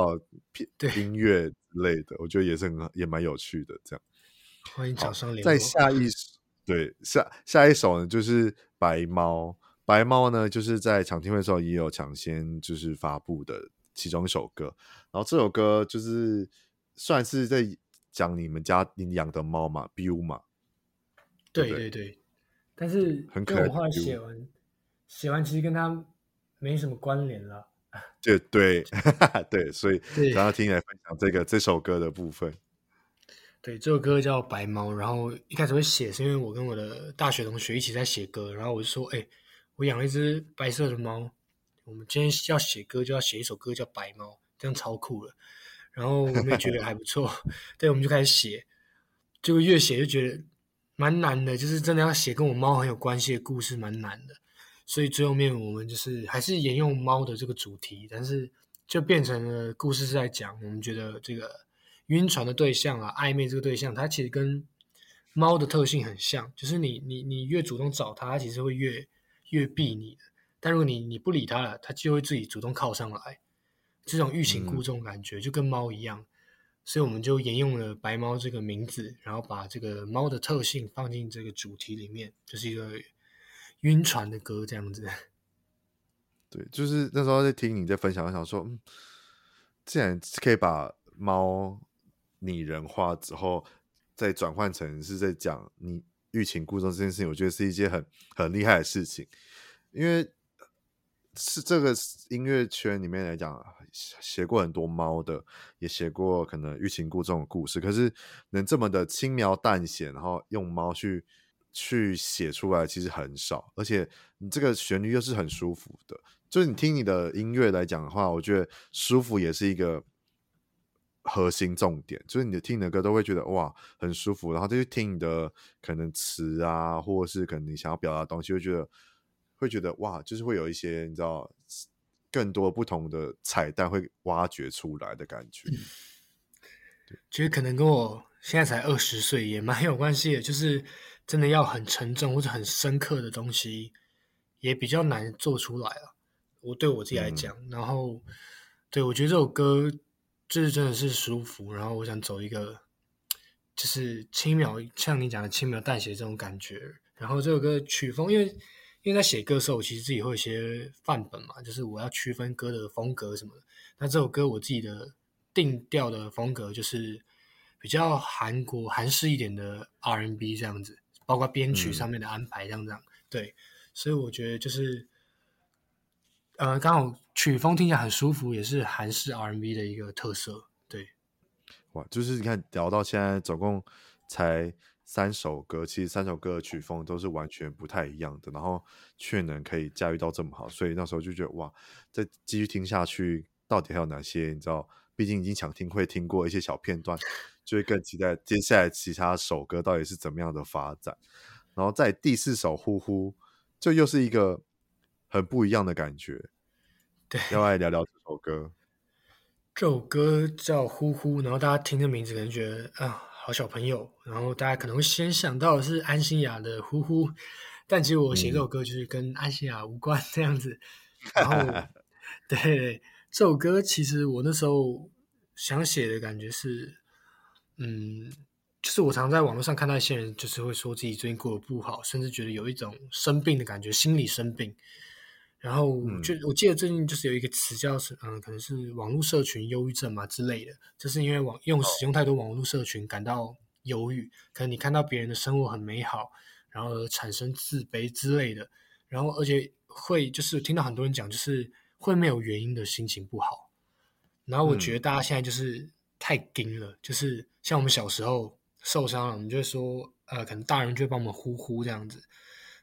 片音樂類的，我覺得也是很、也蠻有趣的。這樣，歡迎掌聲。再下一首，對，下下一首呢，就是《白貓》。白貓呢，就是在搶聽會的時候也有搶先就是發布的其中一首歌，然後這首歌就是算是在。講你們家，你養的貓嘛，比如嘛，對對對，對對，但是很可怕。我後來寫完，寫完其實跟它沒什麼關聯了，就對，就 <laughs> 對，所以大家聽你來分享這個這首歌的部分。對，這首歌叫《白貓》，然後一開始會寫是因為我跟我的大學同學一起在寫歌，然後我就說：“哎，我養了一只白色的貓，我們今天要寫歌，就要寫一首歌叫《白貓》，這樣超酷的。 <laughs> 然後我們也覺得還不錯，對，我們就開始寫，就越寫就覺得蠻難的，就是真的要寫跟我貓很有關係的故事蠻難的，所以最後面我們就是還是沿用貓的這個主題，但是就變成了故事是在講我們覺得這個暈船的對象啊，曖昧這個對象，它其實跟貓的特性很像，就是你你你越主動找它，它其實會越越避你，但如果你你不理它了，它就會自己主動靠上來。這種欲擒故縱感覺，嗯，就跟貓一樣，所以我們就沿用了“白貓”這個名字，然後把這個貓的特性放進這個主題裡面，就是一個暈船的歌這樣子。對，就是那時候在聽你在分享，我想說，嗯，既然可以把貓擬人化之後，再轉換成是在講你欲擒故縱這件事情，我覺得是一件很很厲害的事情，因為。是這個音樂圈裡面來講，寫過很多貓的，也寫過可能欲擒故縱的故事。可是能這麼的輕描淡寫，然後用貓去去寫出來，其實很少。而且你這個旋律又是很舒服的，就是你聽你的音樂來講的話，我覺得舒服也是一個核心重點。就是你聽你的歌都會覺得哇很舒服，然後就聽你的可能詞啊，或者是可能你想要表達的東西，會覺得。會覺得哇，就是會有一些你知道更多不同的彩蛋會挖掘出來的感覺。其、嗯、實可能跟我現在才二十歲也蠻有關係的，就是真的要很沉重或者很深刻的東西也比較難做出來了、啊。我對我自己來講，嗯、然後對我覺得這首歌就是真的是舒服。然後我想走一個就是輕描，像你講的輕描淡寫這種感覺。然後這首歌曲風因為，因為在寫歌的時候，我其實自己會有一些範本嘛，就是我要區分歌的風格什麼的。那這首歌我自己的定調的風格就是比較韓國韓式一點的 R&B 這樣子，包括編曲上面的安排這樣這樣、嗯。對，所以我覺得就是，呃，剛好曲風聽起來很舒服，也是韓式 R&B 的一個特色。對，哇，就是你看聊到現在總共才。三首歌，其實三首歌的曲風都是完全不太一樣的，然後卻能可以駕馭到這麼好，所以那時候就覺得哇，再繼續聽下去，到底還有哪些？你知道，畢竟已經搶聽會聽過一些小片段，就會更期待接下來其他首歌到底是怎麼樣的發展。然後在第四首《呼呼》，就又是一個很不一樣的感覺。對，要來聊聊這首歌。這首歌叫《呼呼》，然後大家聽這名字可能覺得啊。好小朋友，然後大家可能會先想到的是安心亞的呼呼，但其實我寫這首歌就是跟安心亞無關這樣子。嗯、 <laughs> 然後，對這首歌，其實我那時候想寫的感覺是，嗯，就是我常在網絡上看到一些人，就是會說自己最近過得不好，甚至覺得有一種生病的感覺，心理生病。然後就我記得最近就是有一個詞叫嗯、呃、可能是網絡社群憂鬱症嘛之類的，就是因為網用使用太多網絡社群感到憂鬱，可能你看到別人的生活很美好，然後產生自卑之類的，然後而且會就是聽到很多人講就是會沒有原因的心情不好，然後我覺得大家現在就是太硬了，嗯、就是像我們小時候受傷了，我們就會說呃可能大人就會幫我們呼呼這樣子。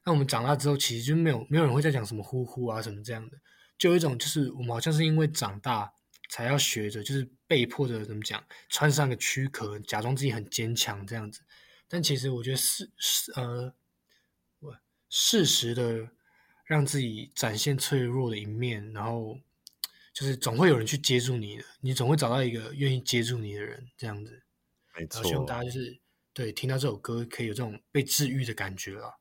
那我們長大之後，其實就沒有沒有人會再講什麼呼呼啊什麼這樣的，就有一種就是我們好像是因為長大才要學着，就是被迫着怎麼講，穿上個軀殼，假裝自己很堅強這樣子。但其實我覺得是，是呃，適時的讓自己展現脆弱的一面，然後就是總會有人去接住你的，你總會找到一個願意接住你的人這樣子。沒錯，然後希望大家就是對聽到這首歌，可以有這種被治癒的感覺啊。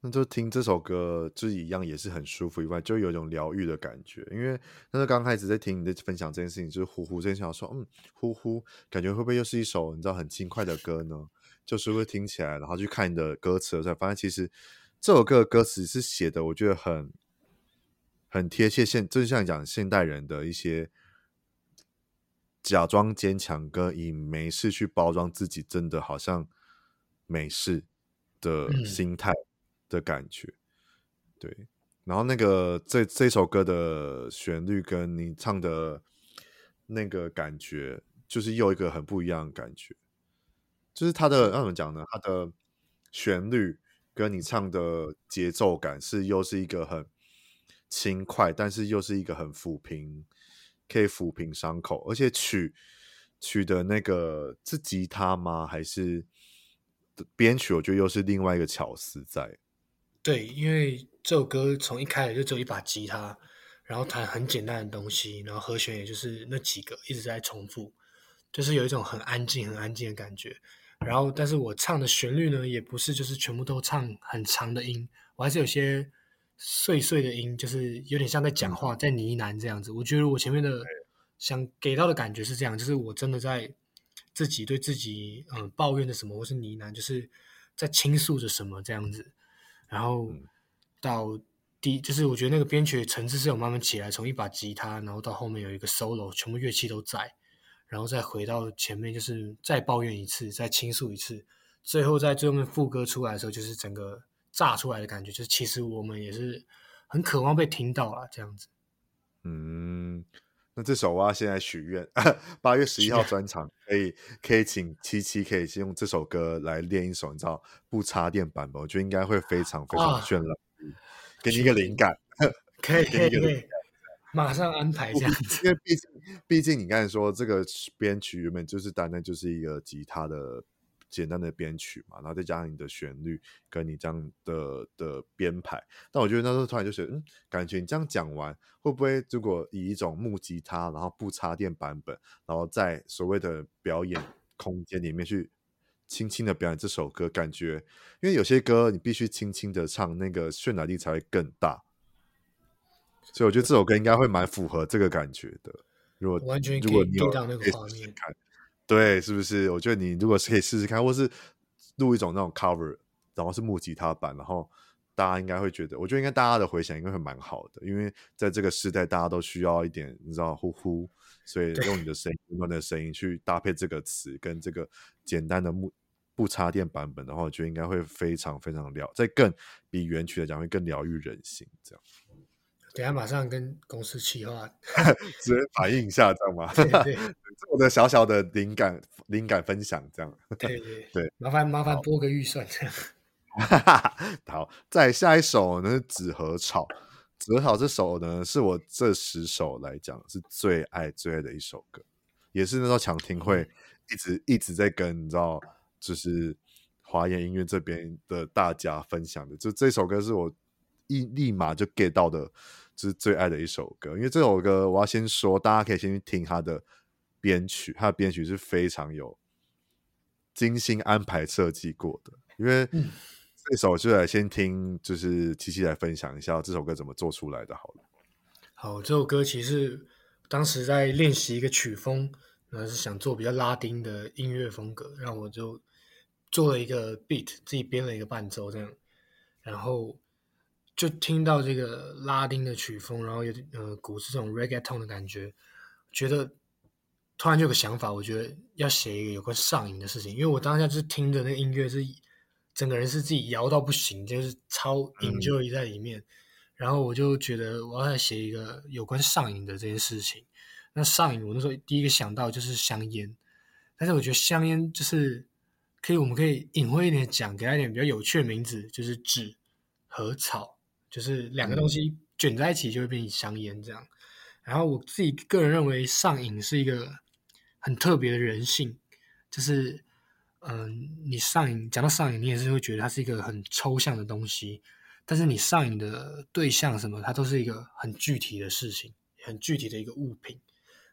那就聽這首歌，就是一樣也是很舒服以外，就有一種療癒的感覺。因為那是剛開始在聽你的分享這件事情，就是呼呼在想說，嗯，呼呼，感覺會不會又是一首你知道很輕快的歌呢？就是會聽起來，然後去看你的歌詞才發現反正其實這首歌的歌詞是寫的，我覺得很很貼切現，正像講現代人的一些假裝堅強跟以沒事去包裝自己，真的好像沒事的心態。嗯的感覺，對，然後那個這這首歌的旋律跟你唱的那個感覺，就是又一個很不一樣的感覺，就是它的那怎麼講呢？它的旋律跟你唱的節奏感是又是一個很輕快，但是又是一個很撫平，可以撫平傷口，而且曲曲的那個是吉他嗎？還是編曲？我覺得又是另外一個巧思在。對，因為這首歌從一開始就只有一把吉他，然後彈很簡單的東西，然後和弦也就是那幾個一直在重複，就是有一種很安靜、很安靜的感覺。然後，但是我唱的旋律呢，也不是就是全部都唱很長的音，我還是有些碎碎的音，就是有點像在講話、在呢喃這樣子。我覺得我前面的想給到的感覺是這樣，就是我真的在自己對自己嗯抱怨的什麼，或是呢喃，就是在傾訴着什麼這樣子。然後到第、嗯，就是我覺得那個編曲的層次是有慢慢起來，從一把吉他，然後到後面有一個 solo，全部樂器都在，然後再回到前面，就是再抱怨一次，再傾訴一次，最後在最後面副歌出來的時候，就是整個炸出來的感覺，就是其實我們也是很渴望被聽到啊，這樣子。嗯。那這首我要現在許願，八月十一號專場可以 <laughs> 可以請七七，可以先用這首歌來練一首，你知道不插電版本，我覺得應該會非常非常絢爛，啊、給你一個靈感，啊、 <laughs> 可以可以可以，馬上安排一下，因為畢竟畢竟你剛才說這個編曲原本就是單單就是一個吉他的。簡單的編曲嘛，然後再加上你的旋律跟你這樣的的編排，但我覺得那時候突然就覺得，嗯，感覺你這樣講完，會不會如果以一種木吉他，然後不插電版本，然後在所謂的表演空間裡面去輕輕的表演這首歌，感覺，因為有些歌你必須輕輕的唱，那個渲染力才會更大。所以我覺得這首歌應該會蠻符合這個感覺的。如果完全可以，如果你聽到那個畫面感。對，是不是？我覺得你如果可以試試看，或是錄一種那種 cover，然後是木吉他版，然後大家應該會覺得，我覺得應該大家的回響應該會蠻好的，因為在這個時代，大家都需要一點，你知道，呼呼，所以用你的聲音、用你的聲音去搭配這個詞跟這個簡單的木不插電版本的話，我覺得應該會非常非常療，再更比原曲來講會更療癒人心這樣。等下馬上跟公司企劃，只能反映一下，這樣嗎？ <laughs> 對對 <laughs> 做我的小小的靈感靈感分享，這樣，對對 <laughs> 對，麻煩麻煩撥個預算這樣好。 <laughs> 好，再下一首呢，《紫河草》，《紫河草》這首呢是我這十首來講是最愛最愛的一首歌，也是那時候搶聽會一直一直在跟你知道，就是華研音樂這邊的大家分享的，就這首歌是我一立馬就 get 到的。這是最愛的一首歌，因為這首歌我要先說，大家可以先去聽他的編曲，他的編曲是非常有精心安排設計過的。因為這首就來先聽，就是七七來分享一下這首歌怎麼做出來的。好了，好，這首歌其實當時在練習一個曲風，然後是想做比較拉丁的音樂風格，然後我就做了一個 beat，自己編了一個伴奏這樣，然後。就聽到這個拉丁的曲風，然後有點呃，鼓是這種 reggaeton 的感覺，覺得突然就有個想法，我覺得要寫一個有關上癮的事情，因為我當下就是聽着那個音樂，是整個人是自己搖到不行，就是超 enjoy 在裡面，嗯、然後我就覺得我要寫一個有關上癮的這件事情。那上癮，我那時候第一個想到就是香菸，但是我覺得香菸就是可以，我們可以隱晦一點講，給他一點比較有趣的名字，就是紙和草。就是兩個東西卷在一起就會變成香煙這樣，然後我自己個人認為上癮是一個很特別的人性，就是嗯，你上癮，講到上癮，你也是會覺得它是一個很抽象的東西，但是你上癮的對象什麼，它都是一個很具體的事情，很具體的一個物品。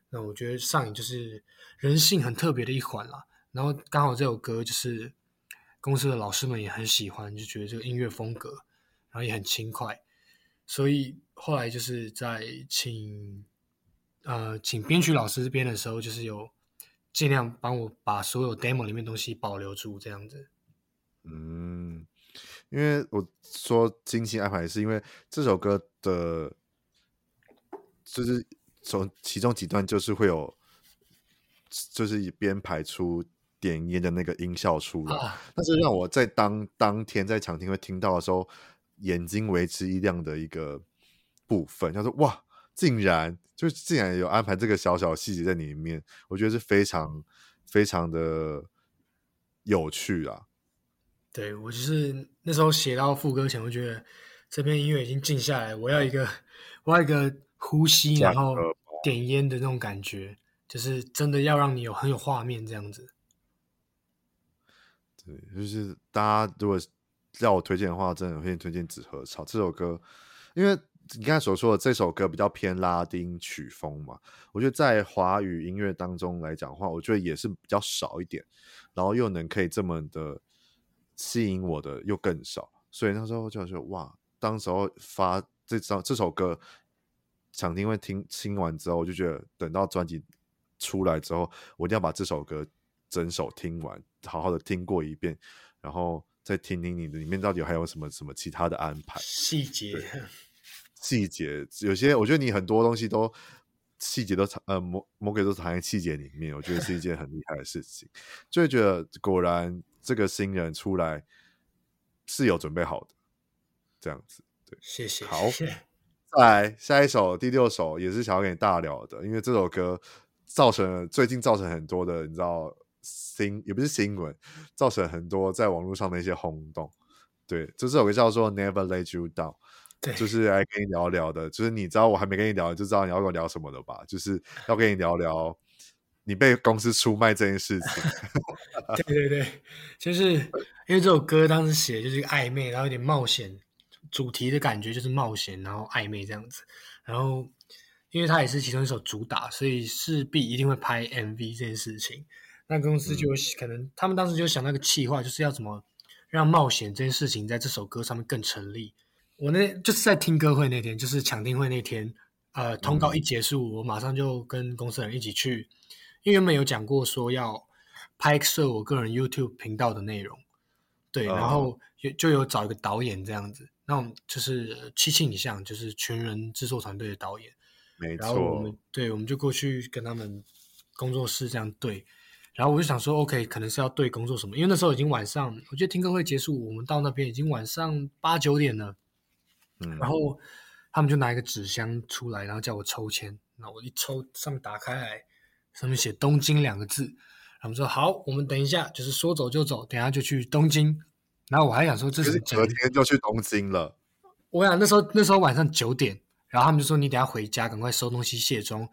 那我覺得上癮就是人性很特別的一環啦。然後剛好這首歌就是公司的老師們也很喜歡，就覺得這個音樂風格。然後也很輕快，所以後來就是在請呃請編曲老師這邊的時候，就是有盡量幫我把所有 demo 裡面東西保留住這樣子。嗯，因為我說精心安排，是因為這首歌的，就是從其中幾段就是會有，就是編排出點菸的那個音效出來，啊，但是讓我在當、嗯、當天在場聽會聽到的時候。眼睛為之一亮的一個部分，他說：“哇，竟然就竟然有安排這個小小細節在裡面，我覺得是非常非常的有趣啊！”對，我就是那時候寫到副歌前，我覺得這邊音樂已經靜下來，我要一個、嗯、我要一個呼吸，然後點煙的那種感覺，就是真的要讓你有很有畫面這樣子。對，就是大家如果要我推薦的話，真的會推薦《紙和草》這首歌，因為你剛才所說的這首歌比較偏拉丁曲風嘛，我覺得在華語音樂當中來講的話，我覺得也是比較少一點，然後又能可以這麼的吸引我的又更少，所以那時候就是哇，當時候發這張這首歌，想聽會聽，聽完之後我就覺得等到專輯出來之後，我一定要把這首歌整首聽完，好好的聽過一遍，然後。再聽聽你的裡面到底還有什麼什麼其他的安排？細節，細節，有些我覺得你很多東西都細節都藏，呃，魔魔鬼都藏在細節裡面。我覺得是一件很厲害的事情， <laughs> 就會覺得果然這個新人出來是有準備好的，這樣子。對，謝謝，好，再來下一首，第六首也是想要跟你大聊的，因為這首歌造成了最近造成很多的，你知道。新也不是新聞，造成很多在網絡上的一些轟動。對，就這首歌叫做《Never Let You Down》，對，就是來跟你聊聊的。就是你知道我還沒跟你聊，就知道你要跟我聊什麼的吧？就是要跟你聊聊你被公司出賣這件事情。 <laughs> 對對對，就是因為這首歌當時寫的就是曖昧，然後有點冒險主題的感覺，就是冒險，然後曖昧這樣子。然後，因為它也是其中一首主打，所以勢必一定會拍 MV 這件事情。那公司就可能，他們當時就想那個企劃，就是要怎麼讓冒險這件事情在這首歌上面更成立。我那就是在聽歌會那天，就是搶聽會那天，呃，通告一結束，我馬上就跟公司人一起去，因為原本有講過說要拍攝我個人 YouTube 頻道的內容，對，然後就有找一個導演這樣子，那我們就是七慶影像，就是全人制作團隊的導演，沒錯，我們對，我們就過去跟他們工作室這樣，對。然後我就想說，OK，可能是要對工作什麼，因為那時候已經晚上，我覺得聽歌會結束，我們到那邊已經晚上八九點了。嗯，然後他們就拿一個紙箱出來，然後叫我抽籤。那我一抽，上面打開來，上面寫東京兩個字。他們說好，我們等一下，就是說走就走，等下就去東京。然後我還想說，這是昨天就去東京了。我想那時候那時候晚上九點，然後他們就說你等下回家，趕快收東西卸妝。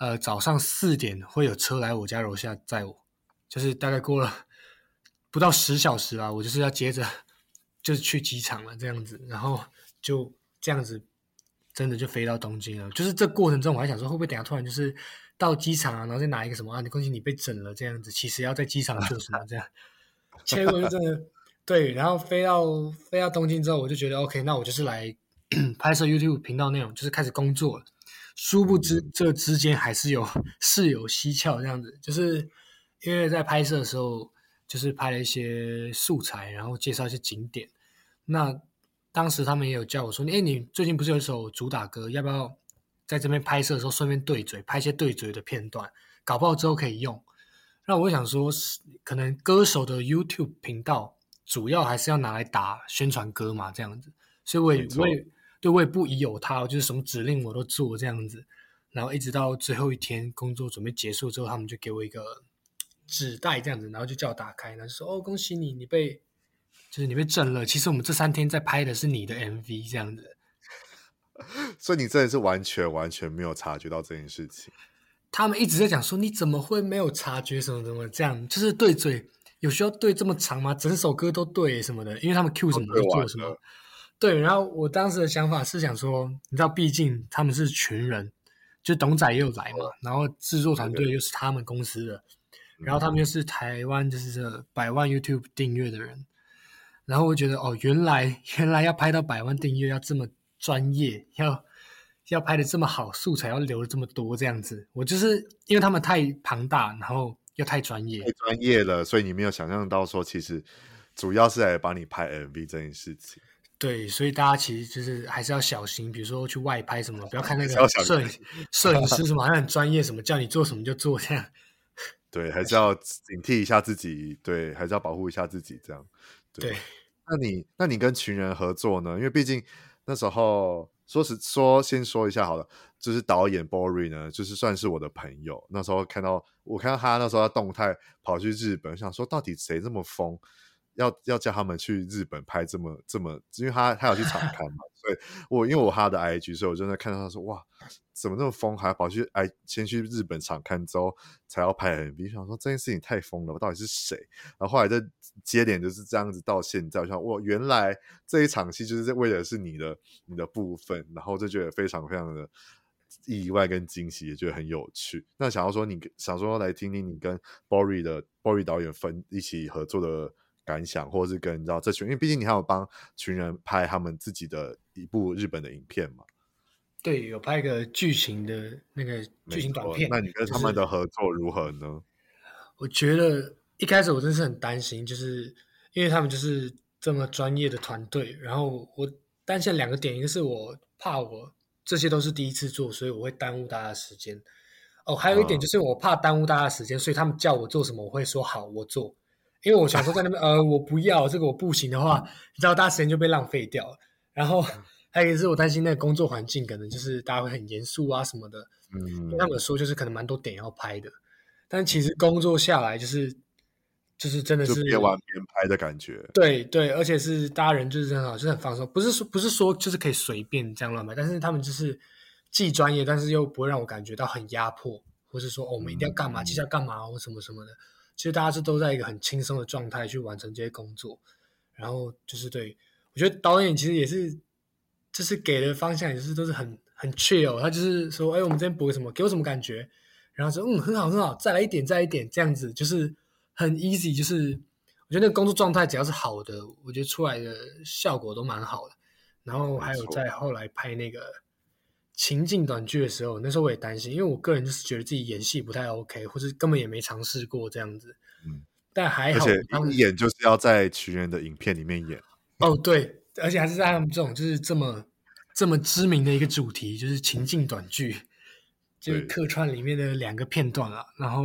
呃，早上四點會有車來我家樓下載我，就是大概過了不到十小時吧，我就是要接着就是去機場了這樣子，然後就這樣子，真的就飛到東京了。就是這過程中我還想說，會不會等下突然就是到機場啊，然後再拿一個什麼啊，你恭喜你被整了這樣子。其實要在機場做什麼這樣， <laughs> 結果就真的，對。然後飛到飛到東京之後，我就覺得 OK，那我就是來 <coughs> 拍攝 YouTube 頻道內容，就是開始工作了。殊不知，這之間還是有事有蹊蹺。這樣子，就是因為在拍攝的時候，就是拍了一些素材，然後介紹一些景點。那當時他們也有叫我說：“誒、欸、你最近不是有一首主打歌？要不要在這邊拍攝的時候順便對嘴，拍一些對嘴的片段？搞不好之後可以用。”那我想說，可能歌手的 YouTube 頻道主要還是要拿來打宣傳歌嘛，這樣子。所以我也我也。對，我也不疑有他，就是什麼指令我都做這樣子，然後一直到最後一天工作準備結束之後，他們就給我一個紙袋這樣子，然後就叫我打開，然後說：“哦，恭喜你，你被就是你被整了。”其實我們這三天在拍的是你的 MV 這樣子、嗯，所以你真的是完全完全沒有察覺到這件事情。他們一直在講說：“你怎麼會沒有察覺？什麼什麼這樣？就是對嘴有需要對這麼長嗎？整首歌都對什麼的？因為他們 Q 什麼就做什麼。”對，然後我當時的想法是想說，你知道，畢竟他們是群人，就董仔也有來嘛，然後制作團隊又是他們公司的，對對，然後他們又是台灣就是這百萬 YouTube 訂閱的人，嗯、然後我覺得哦，原來原來要拍到百萬訂閱、嗯、要這麼專業，要要拍的這麼好，素材要留的這麼多這樣子，我就是因為他們太龐大，然後又太專業，太專業了，所以你沒有想象到說，其實主要是來幫你拍 MV 這件事情。對，所以大家其實就是還是要小心，比如說去外拍什麼，不要看那個攝影還是攝影師什麼， <laughs> 還很專業什麼，叫你做什麼就做這樣。對，還是要警惕一下自己，對，還是要保護一下自己這樣。對，對那你那你跟群人合作呢？因為畢竟那時候說實說，先說一下好了，就是導演 Bori 呢，就是算是我的朋友。那時候看到我看到他那時候他動態，跑去日本，想說到底誰這麼瘋。要要叫他們去日本拍這麼這麼，因為他他要去場勘嘛，所以我因為我他的 IG，所以我真的看到他說，哇，怎麼那麼瘋？還要跑去哎，先去日本場勘之後才要拍 MV，想說這件事情太瘋了，我到底是誰？然後後來再接點就是這樣子到現在，我想哇，原來這一場戲就是在為的是你的你的部分，然後就覺得非常非常的意外跟驚喜，也覺得很有趣。那想要說你想說來聽聽你，你跟 Bory 的 Bory 導演分一起合作的。感想，或是跟你知道這群，因為畢竟你還有幫群人拍他們自己的一部日本的影片嘛。對，有拍一個劇情的那個劇情短片。那你跟他們的合作如何呢？就是，我覺得一開始我真是很擔心，就是因為他們就是這麼專業的團隊，然後我擔心兩個點，一個是我怕我這些都是第一次做，所以我會耽誤大家的時間。哦，還有一點就是我怕耽誤大家的時間。嗯，所以他們叫我做什麼，我會說好，我做。因為我想說在那邊， <laughs> 呃，我不要，這個我不行的話，你知道，大家時間就被浪費掉了。然後還有一次，哎、我擔心那個工作環境可能就是大家會很嚴肅啊什麼的。嗯。那他說就是可能蠻多點要拍的，但其實工作下來就是就是真的是邊玩邊拍的感覺。對對，而且是大家人就是很好，就是很放鬆。不是說不是說就是可以隨便這樣亂拍，但是他們就是既專業，但是又不會讓我感覺到很壓迫，或是說、哦、我們一定要幹嘛就、嗯、要幹嘛或什麼什麼的。其實大家是都在一個很輕鬆的狀態去完成這些工作，然後就是對，我覺得導演其實也是，就是給的方向也是都是很很 chill，他就是說，哎，我們這邊補個什麼，給我什麼感覺，然後說，嗯，很好很好，再來一點再來一點這樣子，就是很 easy，就是我覺得那個工作狀態只要是好的，我覺得出來的效果都蠻好的，然後還有在後來拍那個。情境短劇的時候，那時候我也擔心，因為我個人就是覺得自己演戲不太 OK，或者根本也沒嘗試過這樣子。嗯，但還好，他們演就是要在群人的影片裡面演。哦，oh，對，而且還是在他們這種就是這麼這麼知名的一個主題，就是情境短劇，就是客串裡面的兩個片段啊。然後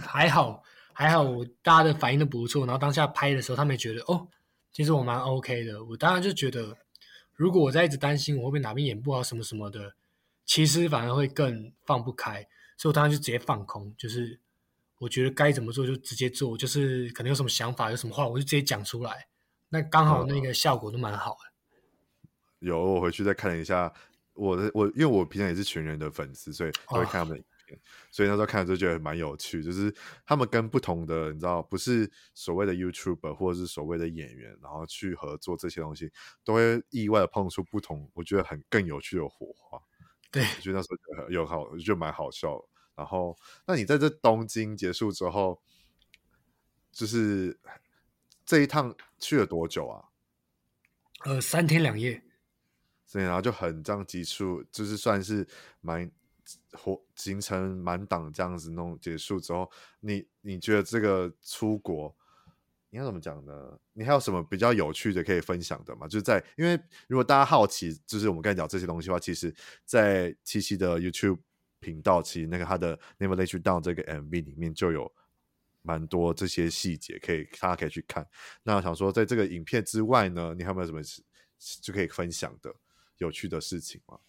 還好，還好，大家的反應都不錯。然後當下拍的時候，他們也覺得，哦，其實我蠻 OK 的。我當然就覺得，如果我在一直擔心我會被哪邊演不好什麼什麼的。其實反而會更放不開，所以我當時就直接放空，就是我覺得該怎麼做就直接做，就是可能有什麼想法、有什麼話，我就直接講出來。那剛好那個效果都蠻好的、啊嗯。有，我回去再看了一下，我的我因為我平常也是群人的粉絲，所以都會看他們的影片、哦，所以那時候看了就覺得蠻有趣，就是他們跟不同的你知道，不是所謂的 YouTuber 或者是所謂的演員，然後去合作這些東西，都會意外的碰觸出不同，我覺得很更有趣的火花。對，就那時候有好，就蠻好笑。然後，那你在這東京結束之後，就是這一趟去了多久啊？呃，三天兩夜。所以，然後就很這樣急促，就是算是蠻活行程滿檔這樣子弄結束之後，你你覺得這個出國？你要怎麼講呢？你還有什麼比較有趣的可以分享的嗎？就是在，因為如果大家好奇，就是我們剛才講這些東西的話，其實在77的 YouTube 頻道，其實那個他的 Never Let You Down 這個 MV 裡面就有蠻多這些細節，可以大家可以去看。那我想說，在這個影片之外呢，你還有沒有什麼就可以分享的有趣的事情嗎？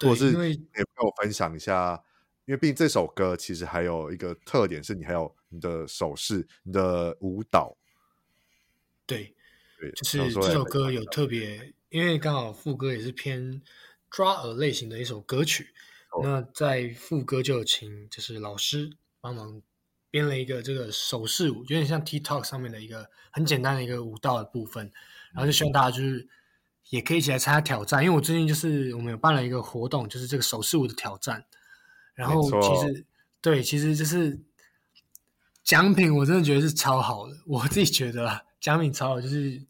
或是也跟我分享一下？因為畢竟這首歌其實還有一個特點是你還有你的手勢、你的舞蹈。對，對，就是這首歌有特別，因為剛好副歌也是偏抓耳類型的一首歌曲。Oh. 那在副歌就請就是老師幫忙編了一個這個手勢舞，有點像 TikTok 上面的一個很簡單的一個舞蹈的部分。然後就希望大家就是也可以一起來參加挑戰，嗯，因為我最近就是我們有辦了一個活動，就是這個手勢舞的挑戰。然後其實對，其實就是獎品我真的覺得是超好的，我自己覺得啦。獎品超好，就是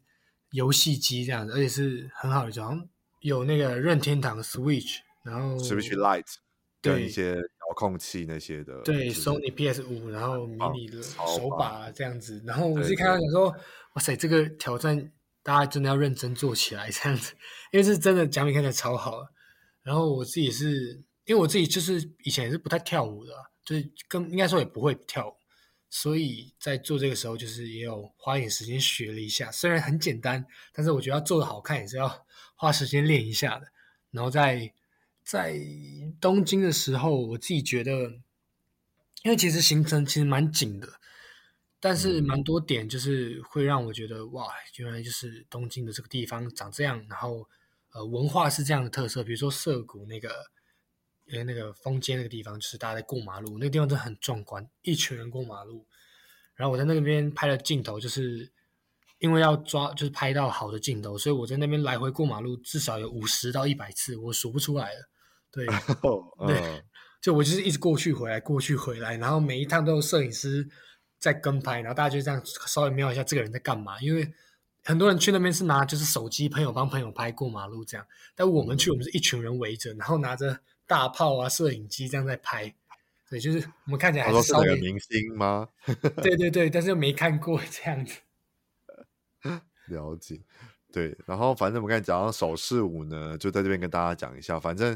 遊戲機這樣子，而且是很好的一種，有那個任天堂 Switch，然後 Switch Lite 對一些遙控器那些的，對，送你 PS5，PS5, 然後迷你的手把這樣子。啊、然後我自己看到，你說對對：“哇塞，這個挑戰大家真的要認真做起來這樣子，因為是真的獎品看起來超好。”然後我自己是，因為我自己就是以前也是不太跳舞的，就是更應該說也不會跳舞。所以在做這個時候，就是也有花點時間學了一下，雖然很簡單，但是我覺得要做的好看也是要花時間練一下的。然後在在東京的時候，我自己覺得，因為其實行程其實蠻緊的，但是蠻多點就是會讓我覺得哇，原來就是東京的這個地方長這樣，然後呃文化是這樣的特色，比如說澀谷那個。因為那個風間那個地方，就是大家在過馬路，那個地方真的很壯觀，一群人過馬路。然後我在那邊拍的鏡頭，就是因為要抓，就是拍到好的鏡頭，所以我在那邊來回過馬路，至少有五十到一百次，我數不出來了。對，對，就我就是一直過去回來，過去回來，然後每一趟都有攝影師在跟拍，然後大家就這樣稍微瞄一下這個人在幹嘛，因為很多人去那邊是拿就是手機，朋友幫朋友拍過馬路這樣，但我們去我們是一群人圍着，然後拿着。大炮啊，攝影機這樣在拍，所以就是我們看起來還是微個明星嗎？對對對，但是又沒看過這樣子， <laughs> 了解。對，然後反正我剛才講到手勢舞呢，就在這邊跟大家講一下，反正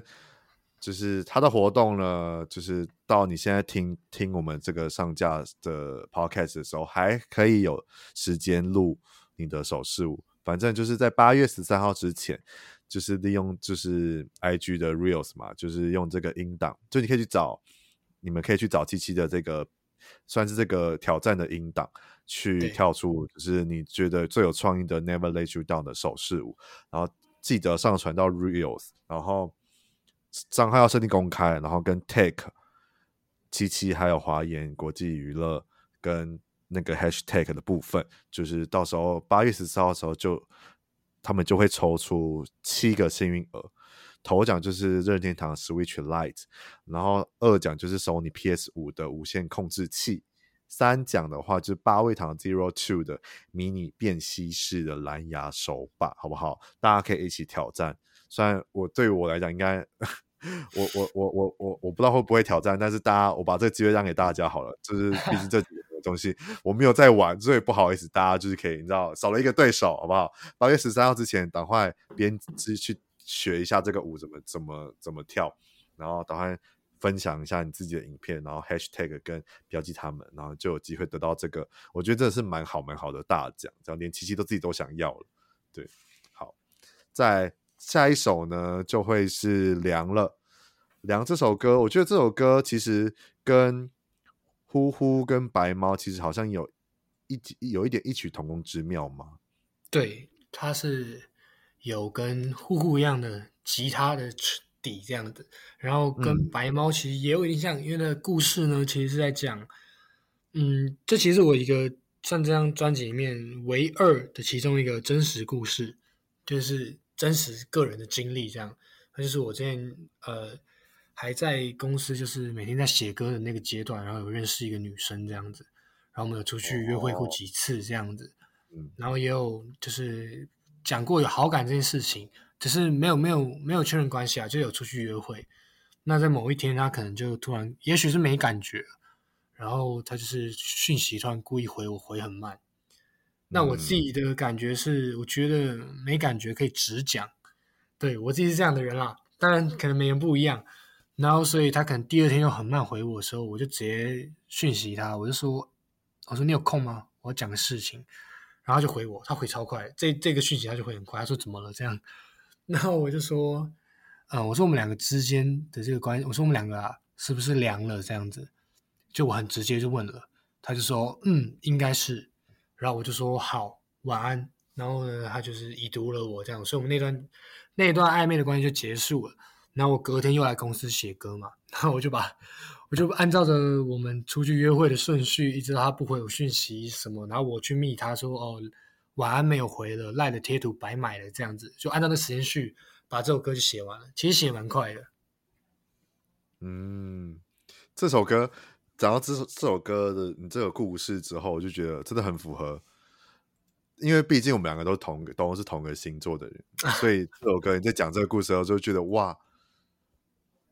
就是他的活動呢，就是到你現在聽聽我們這個上架的 podcast 的時候，還可以有時間錄你的手勢舞，反正就是在八月十三號之前。就是利用就是 I G 的 Reels 嘛，就是用這個音檔，就你可以去找，你們可以去找七七的這個算是這個挑戰的音檔，去跳出就是你覺得最有創意的 Never Let You Down 的手勢舞，然後記得上傳到 Reels，然後賬號要設定公開，然後跟 Take 七七還有華研國際娛樂跟那個 Hashtag 的部分，就是到時候八月十四號的時候就。他們就會抽出七個幸運兒，頭獎就是任天堂 Switch Lite，然後二獎就是 Sony PS 五的無線控制器，三獎的話就是八位堂 Zero Two 的迷你便攜式的藍牙手把，好不好？大家可以一起挑戰。雖然我對我來講應該。我我我我我我不知道會不會挑戰，但是大家我把這個機會讓給大家好了，就是畢竟這東西我沒有在玩，所以不好意思，大家就是可以，你知道少了一個對手，好不好？八月十三號之前，趕快編輯去學一下這個舞怎麼怎麼怎麼跳，然後趕快分享一下你自己的影片，然後 hashtag 跟標記他們，然後就有機會得到這個，我覺得這是蠻好蠻好的大獎，這樣連七七都自己都想要了，對，好，在。下一首呢就會是《涼了》。《涼》這首歌，我覺得這首歌其實跟《呼呼》跟《白貓》其實好像有一有一點異曲同工之妙嘛。對，它是有跟《呼呼》一樣的吉他的底這樣子，然後跟《白貓》其實也有點像，嗯，因為那個的故事呢，其實是在講，嗯，這其實我一個算這張專輯裡面唯二的其中一個真實故事，就是。真實個人的經歷，這樣，那就是我之前呃還在公司，就是每天在寫歌的那個階段，然後有認識一個女生這樣子，然後我們有出去約會過幾次這樣子，哦哦哦哦，然後也有就是講過有好感這件事情，只是沒有沒有沒有確認關係啊，就有出去約會。那在某一天，他可能就突然，也許是沒感覺，然後他就是訊息突然故意回我，回很慢。那我自己的感覺是，我覺得沒感覺可以直講，嗯，對我自己是這樣的人啦。當然可能每人不一樣，然後所以他可能第二天又很慢回我的時候，我就直接訊息他，我就說，我說你有空嗎？我要講個事情，然後就回我，他回超快，這這個訊息他就會很快，他說怎麼了這樣？然後我就說，嗯，我說我們兩個之間的這個關係，我說我們兩個啊，是不是涼了這樣子？就我很直接就問了，他就說，嗯，應該是。然後我就說好，晚安。然後呢，他就是已讀了我這樣，所以我們那段那一段曖昧的關係就結束了。然後我隔天又來公司寫歌嘛，然後我就把我就按照着我們出去約會的順序，一直到他不回我訊息什麼，然後我去密他說哦，晚安沒有回了，賴的貼圖白買了這樣子，就按照那時間序把這首歌就寫完了。其實寫蠻快的，嗯，這首歌。講到這首這首歌的你這個故事之後，我就覺得真的很符合，因為畢竟我們兩個都是同都是同一個星座的人，所以這首歌你在講這個故事的時候，就覺得哇，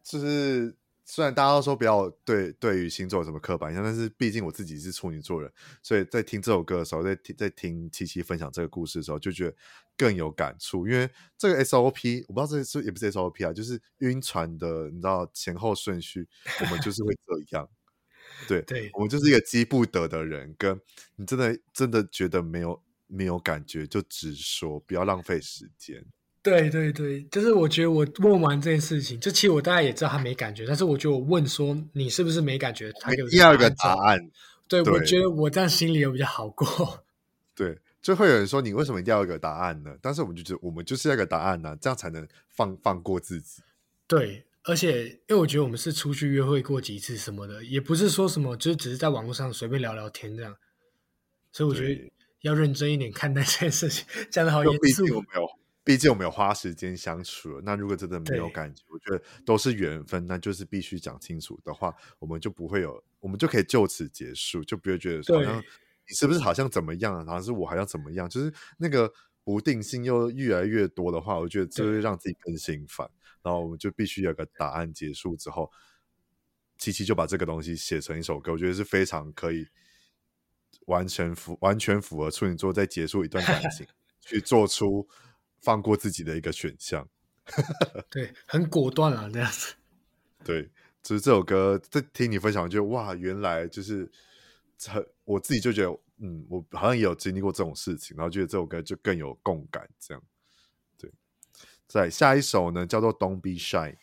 就是雖然大家都說不要對對於星座有什麼刻板印象，但是畢竟我自己是處女座人，所以在聽這首歌的時候，在聽在聽七七分享這個故事的時候，就覺得更有感觸，因為這個 SOP 我不知道這是，也不是 SOP 啊，就是暈船的，你知道前後順序，我們就是會這樣。 <laughs> 對對，我就是一個急不得的人，跟你真的真的覺得沒有沒有感覺，就直說，不要浪費時間。對對對，就是我覺得我問完這件事情，這其實我大概也知道他沒感覺，但是我覺得我問說你是不是沒感覺，他有一定要有一個答案、啊對。對，我覺得我這樣心裡有比較好過對。對，就會有人說你為什麼一定要有一個答案呢？但是我們就覺得我們就是要一個答案呢、啊，這樣才能放放過自己。對。而且，因為我覺得我們是出去約會過幾次什麼的，也不是說什麼，就是只是在網絡上隨便聊聊天這樣。所以我覺得要認真一點看待這件事情，這樣的好嚴肅。畢竟我們有，畢竟我們有花時間相處了。那如果真的沒有感覺，我覺得都是緣分，那就是必須講清楚的話，我們就不會有，我們就可以就此結束，就不會覺得說好像你是不是好像怎麼樣，然後是我好像怎麼樣，就是那個。不定性又越來越多的話，我覺得這會讓自己更心煩。然後我們就必須有個答案。結束之後，七七就把這個東西寫成一首歌，我覺得是非常可以完全符完全符合處女座在結束一段感情 <laughs> 去做出放過自己的一個選項。 <laughs> 對，很果斷啊，這樣子。對，只、就是這首歌在聽你分享，就哇，原來就是，我自己就覺得。嗯，我好像也有經歷過這種事情，然後覺得這首歌就更有共感，這樣。對，再下一首呢，叫做《Don't Be Shy》，嗯，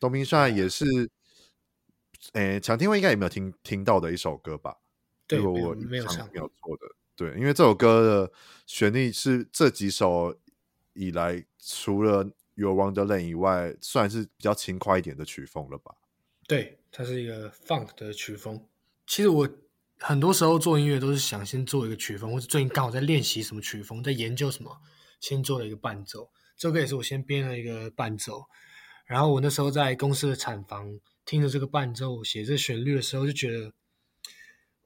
《Don't Be Shy》也是，嗯、誒，常聽我應該也沒有聽聽到的一首歌吧？對，我沒有，沒有想有的，對，因為這首歌的旋律是這幾首以來除了《You're Wonderland》以外，算是比較輕快一點的曲風了吧？對，它是一個 Funk 的曲風。其實我。很多時候做音樂都是想先做一個曲風，或者最近剛好在練習什麼曲風，在研究什麼，先做了一個伴奏。這個也是我先編了一個伴奏，然後我那時候在公司的產房聽着這個伴奏，我寫這旋律的時候，就覺得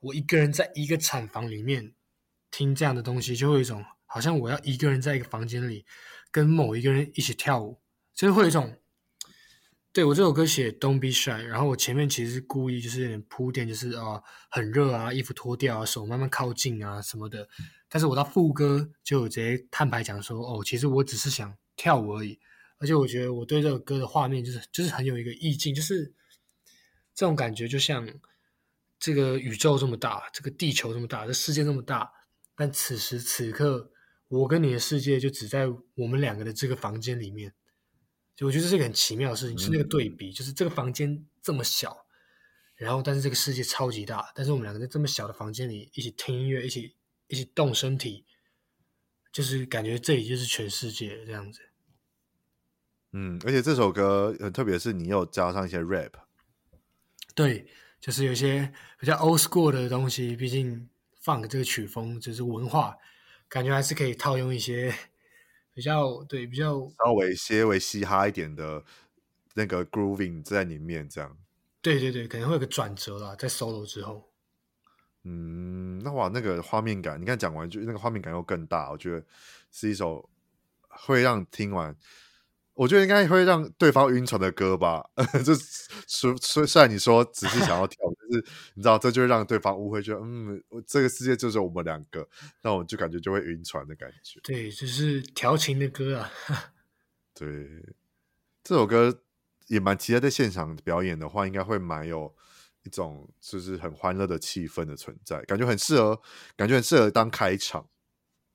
我一個人在一個產房裡面聽這樣的東西，就會有一種好像我要一個人在一個房間裡跟某一個人一起跳舞，就會有一種。對，我這首歌寫 Don't be shy，然後我前面其實是故意就是有點鋪墊，就是啊、哦、很熱啊，衣服脫掉啊，手慢慢靠近啊什麼的。但是我到副歌就直接攤牌講說，哦，其實我只是想跳舞而已。而且我覺得我對這首歌的畫面就是就是很有一個意境，就是這種感覺就像這個宇宙這麼大，這個地球這麼大，這個世界這麼大，但此時此刻我跟你的世界就只在我們兩個的這個房間裡面。我覺得這是個很奇妙的事情、嗯、是那個對比，就是這個房間這麼小，然後但是這個世界超級大，但是我們兩個在這麼小的房間裡一起聽音樂，一起一起動身體，就是感覺這裡就是全世界這樣子。嗯，而且這首歌特別是，你又加上一些 rap。對，就是有些比較 old school 的東西，畢竟 funk 這個曲風就是文化，感覺還是可以套用一些。比較對，比較稍微些、微嘻哈一點的那個 grooving 在裡面，這樣。對對對，可能會有個轉折啦，在 solo 之後。嗯，那哇，那個畫面感，你看講完就那個畫面感又更大，我覺得是一首會讓聽完，我覺得應該會讓對方暈船的歌吧。這雖雖雖然你說只是想要跳。 <laughs> 是，你知道，這就讓對方誤會，覺得嗯，這個世界就是我們兩個，那我就感覺就會暈船的感覺。對，就是調情的歌啊。 <laughs> 對，這首歌也蠻期待，在現場表演的話，應該會蠻有一種就是很歡樂的氣氛的存在，感覺很適合，感覺很適合當開場。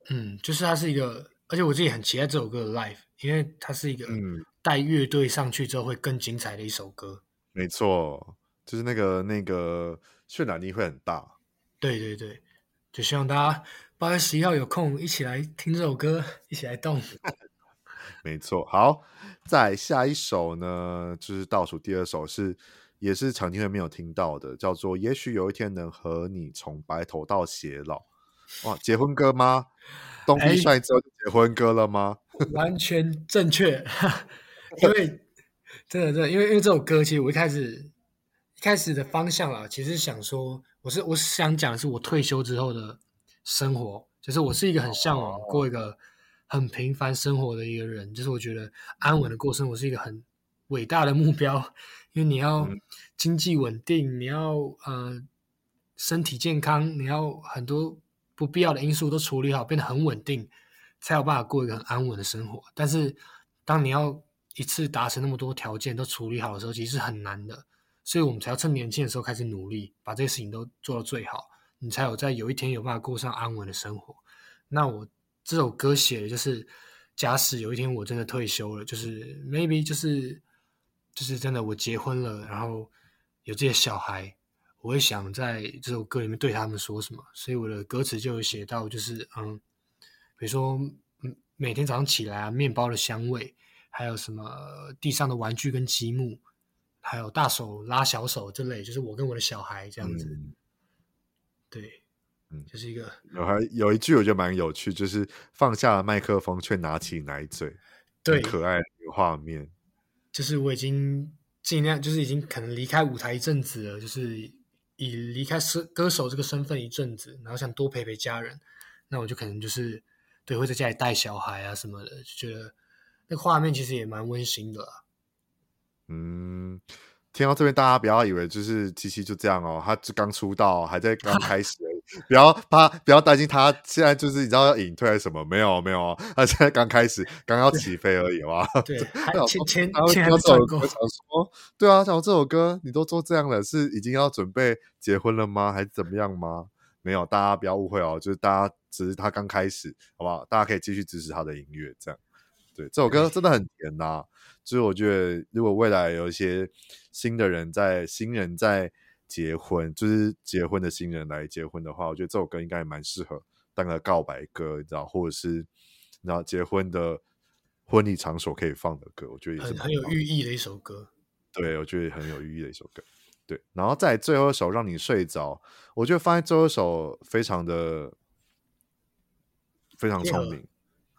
嗯，就是它是一個，而且我自己很期待這首歌的 live，因為它是一個嗯帶樂隊上去之後會更精彩的一首歌。嗯，沒錯。就是那個那個渲染力會很大，對對對，就希望大家八月十一號有空一起來聽這首歌，一起來動。 <laughs> 沒錯，好，再下一首呢，就是倒數第二首是也是常聽人沒有聽到的，叫做《也許有一天能和你從白頭到偕老》。哇，結婚歌嗎？冬季帥哥結婚歌了嗎？完全正確， <laughs> 因為真的真的因為因為這首歌，其實我一開始。一開始的方向啦，其實想說，我是我是想講的是我退休之後的生活，就是我是一個很嚮往過一個很平凡生活的一個人，就是我覺得安穩的過生活是一個很偉大的目標，因為你要經濟穩定，你要呃身體健康，你要很多不必要的因素都處理好，變得很穩定，才有辦法過一個很安穩的生活。但是當你要一次達成那麼多條件都處理好的時候，其實是很難的。所以我們才要趁年輕的時候開始努力，把這些事情都做到最好，你才有在有一天有辦法過上安穩的生活。那我這首歌寫的就是，假使有一天我真的退休了，就是 maybe 就是就是真的我結婚了，然後有這些小孩，我會想在這首歌裡面對他們說什麼，所以我的歌詞就有寫到，就是嗯，比如說嗯每天早上起來啊，麵包的香味，還有什麼地上的玩具跟積木。還有大手拉小手之類，就是我跟我的小孩這樣子，嗯，對，嗯，就是一個。有還有一句我覺得蠻有趣，就是放下了麥克風卻拿起奶嘴，對，可愛的畫面。就是我已經盡量，就是已經可能離開舞台一陣子了，就是以離開歌歌手這個身份一陣子，然後想多陪陪家人，那我就可能就是對會在家裡帶小孩啊什麼的，就覺得那個畫面其實也蠻溫馨的啦。嗯，聽到這邊，大家不要以為就是七七就這樣哦，他就剛出道，還在剛開始而已 <laughs> 不，不要怕，不要擔心他現在就是你知道要隱退還是什麼？沒有沒有，他現在剛開始，剛要起飛而已哇！對，錢錢錢還賺夠。我想，想說，對啊，我想說這首歌你都做這樣了，是已經要準備結婚了嗎？還是怎麼樣嗎？沒有，大家不要誤會哦，就是大家只是他剛開始，好不好？大家可以繼續支持他的音樂，這樣。對，這首歌真的很甜吶、啊。所以我覺得，如果未來有一些新的人在新人在結婚，就是結婚的新人來結婚的話，我覺得這首歌應該也蠻適合當個告白歌，你知道？或者是然後結婚的婚禮場所可以放的歌，我覺得也很很有寓意的一首歌。對，我覺得很有寓意的一首歌。對， <laughs> 然後在最後一首讓你睡着，我就發現最後一首非常的非常聰明，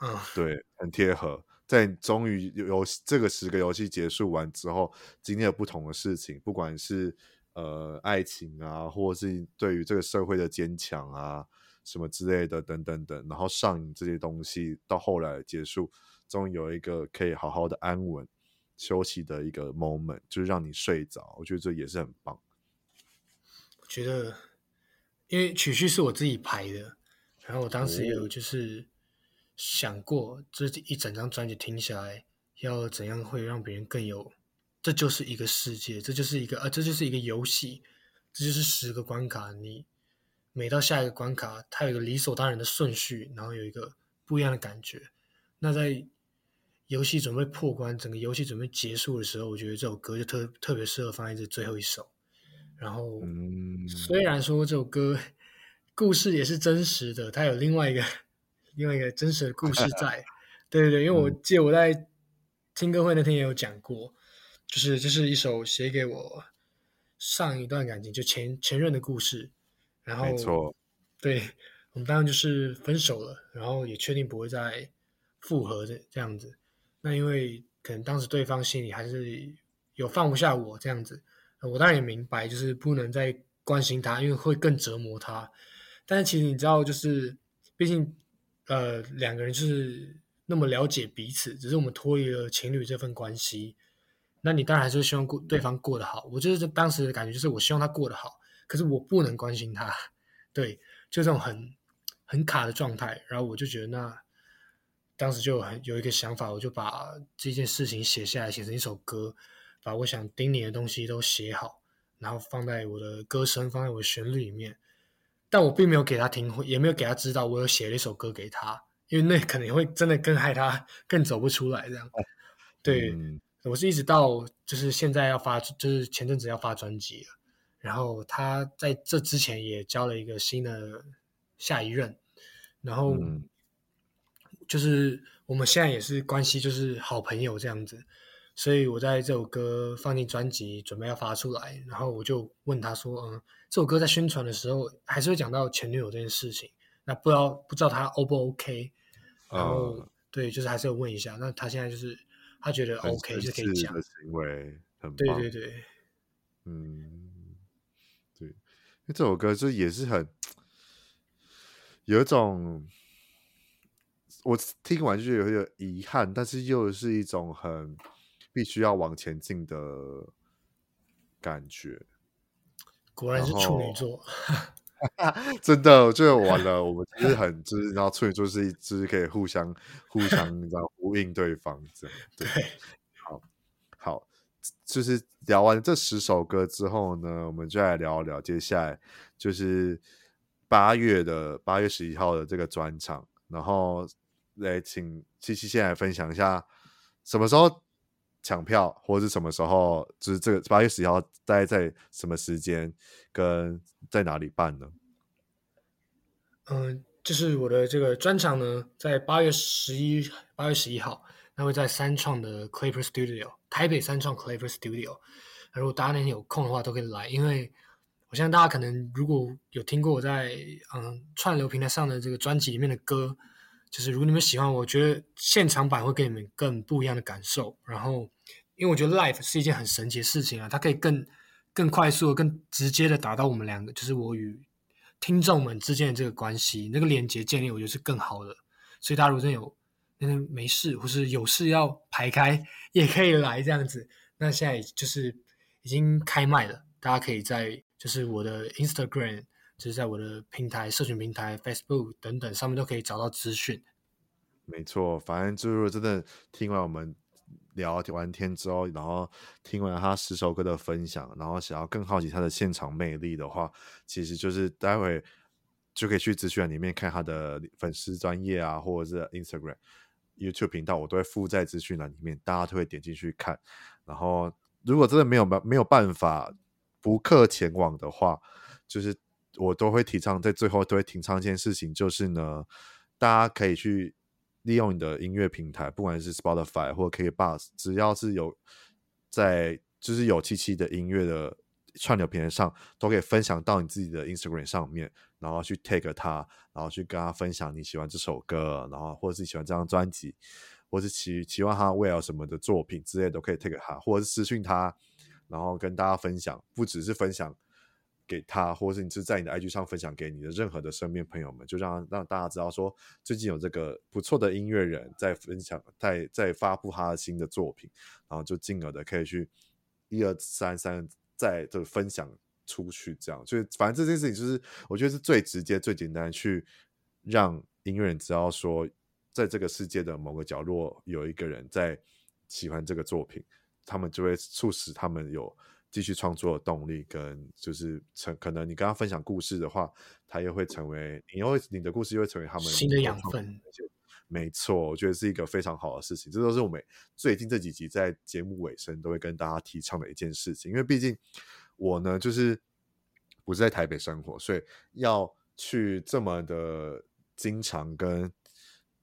嗯、yeah. uh.，對，很貼合。在終於有，這個十個遊戲結束完之後，經歷了不同的事情，不管是呃愛情啊，或者是對於這個社會的堅強啊，什麼之類的，等等等，然後上癮這些東西到後來結束，終於有一個可以好好的安穩休息的一個 moment，就是讓你睡着，我覺得這也是很棒。我覺得，因為曲序是我自己排的，然後我當時也有就是。哦想過這、就是、一整張專輯聽下來要怎樣會讓別人更有，這就是一個世界，這就是一個啊，這就是一個遊戲，這就是十個關卡。你每到下一個關卡，它有一個理所當然的順序，然後有一個不一樣的感覺。那在遊戲準備破關，整個遊戲準備結束的時候，我覺得這首歌就特特別適合放在這最後一首。然後雖然說這首歌故事也是真實的，它有另外一個。另外一個真實的故事在，對對對，因為我記得我在聽歌會那天也有講過，就是這是一首寫給我上一段感情就前前任的故事，然後，對，我們當然就是分手了，然後也確定不會再復合的這樣子。那因為可能當時對方心裡還是有放不下我這樣子，我當然也明白，就是不能再關心他，因為會更折磨他。但是其實你知道，就是畢竟。呃，兩個人就是那麼了解彼此，只是我們脫離了情侶這份關係。那你當然還是希望過對方過得好。我就是當時的感覺，就是我希望他過得好，可是我不能關心他。對，就這種很很卡的狀態。然後我就覺得那，那當時就很有一個想法，我就把這件事情寫下來，寫成一首歌，把我想叮嚀的東西都寫好，然後放在我的歌聲，放在我的旋律裡面。但我並沒有給他聽，也沒有給他知道我有寫了一首歌給他，因為那可能會真的更害他，更走不出來這樣。對，嗯，我是一直到就是現在要發，就是前陣子要發專輯了，然後他在這之前也交了一個新的下一任，然後就是我們現在也是關係就是好朋友這樣子。所以我在這首歌放進專輯，準備要發出來，然後我就問他說：“嗯。”這首歌在宣傳的時候還是會講到前女友這件事情，那不知道不知道她 O 不 OK，然後、呃、對，就是還是要問一下。那他現在就是他覺得 OK 就可以講。很紳士的行為，很棒，對對對，嗯，對，這首歌就也是很有一種我聽完就覺得有點遺憾，但是又是一種很必須要往前進的感覺。果然是處女座， <laughs> 真的，我覺得完了， <laughs> 我們就是很就是，然後處女座就是一支、就是、可以互相、 <laughs> 互相，你知道呼應對方，這樣對，對。好，好，就是聊完這十首歌之後呢，我們就來聊聊接下來就是八月的八月十一號的這個專場，然後來請七七先來分享一下什麼時候。搶票或者是什麼時候？就是這個八月十一號，大概在什麼時間跟在哪裡辦呢？嗯、呃，就是我的這個專場呢，在八月十一，八月十一號，那會在三創的 Clapper Studio，台北三創 Clapper Studio。那如果大家那天有空的話，都可以來。因為我相信大家可能如果有聽過我在嗯串流平台上的這個專輯裡面的歌，就是如果你們喜歡，我覺得現場版會給你們更不一樣的感受。然後。因為我覺得 Live 是一件很神奇的事情啊，它可以更、更快速的、更直接的達到我們兩個，就是我與聽眾們之間的這個關係、那個連接建立，我覺得是更好的。所以大家如果真的有、那沒事或是有事要排開，也可以來這樣子。那現在就是已經開賣了，大家可以在就是我的 Instagram，就是在我的平台、社群平台、Facebook 等等上面都可以找到資訊。沒錯，反正就是真的聽完我們。聊完天之後，然後聽完他十首歌的分享，然後想要更好奇他的現場魅力的話，其實就是待會就可以去資訊欄裡面看他的粉絲專頁啊，或者是 Instagram、YouTube 頻道，我都會附在資訊欄裡面，大家都會點進去看。然後如果真的沒有辦沒有辦法不克前往的話，就是我都會提倡，在最後都會提倡一件事情，就是呢，大家可以去，利用你的音樂平台，不管是 Spotify 或者 K b l u s 只要是有在就是有七七的音樂的串流平台上，都可以分享到你自己的 Instagram 上面，然後去 tag 他，然後去跟他分享你喜歡這首歌，然後或者是你喜歡這張專輯，或是期期望他未 l 什麼的作品之類，都可以 tag 他，或者是私訊他，然後跟大家分享，不只是分享。給他，或者是你就是在你的 IG 上分享給你的任何的身邊朋友們，就讓讓大家知道說，最近有這個不錯的音樂人在分享，在在發布他的新的作品，然後就進而的可以去一二三三再的分享出去，這樣，所以反正這件事情就是我覺得是最直接、最簡單去讓音樂人知道說，在這個世界的某個角落有一個人在喜歡這個作品，他們就會促使他們有。繼續創作的動力，跟就是成可能你跟他分享故事的話，他又會成為，你又會你的故事又會成為他們新的養分。沒錯，我覺得是一個非常好的事情。這都是我們最近這幾集在節目尾聲都會跟大家提倡的一件事情。因為畢竟我呢，就是不是在台北生活，所以要去這麼的經常跟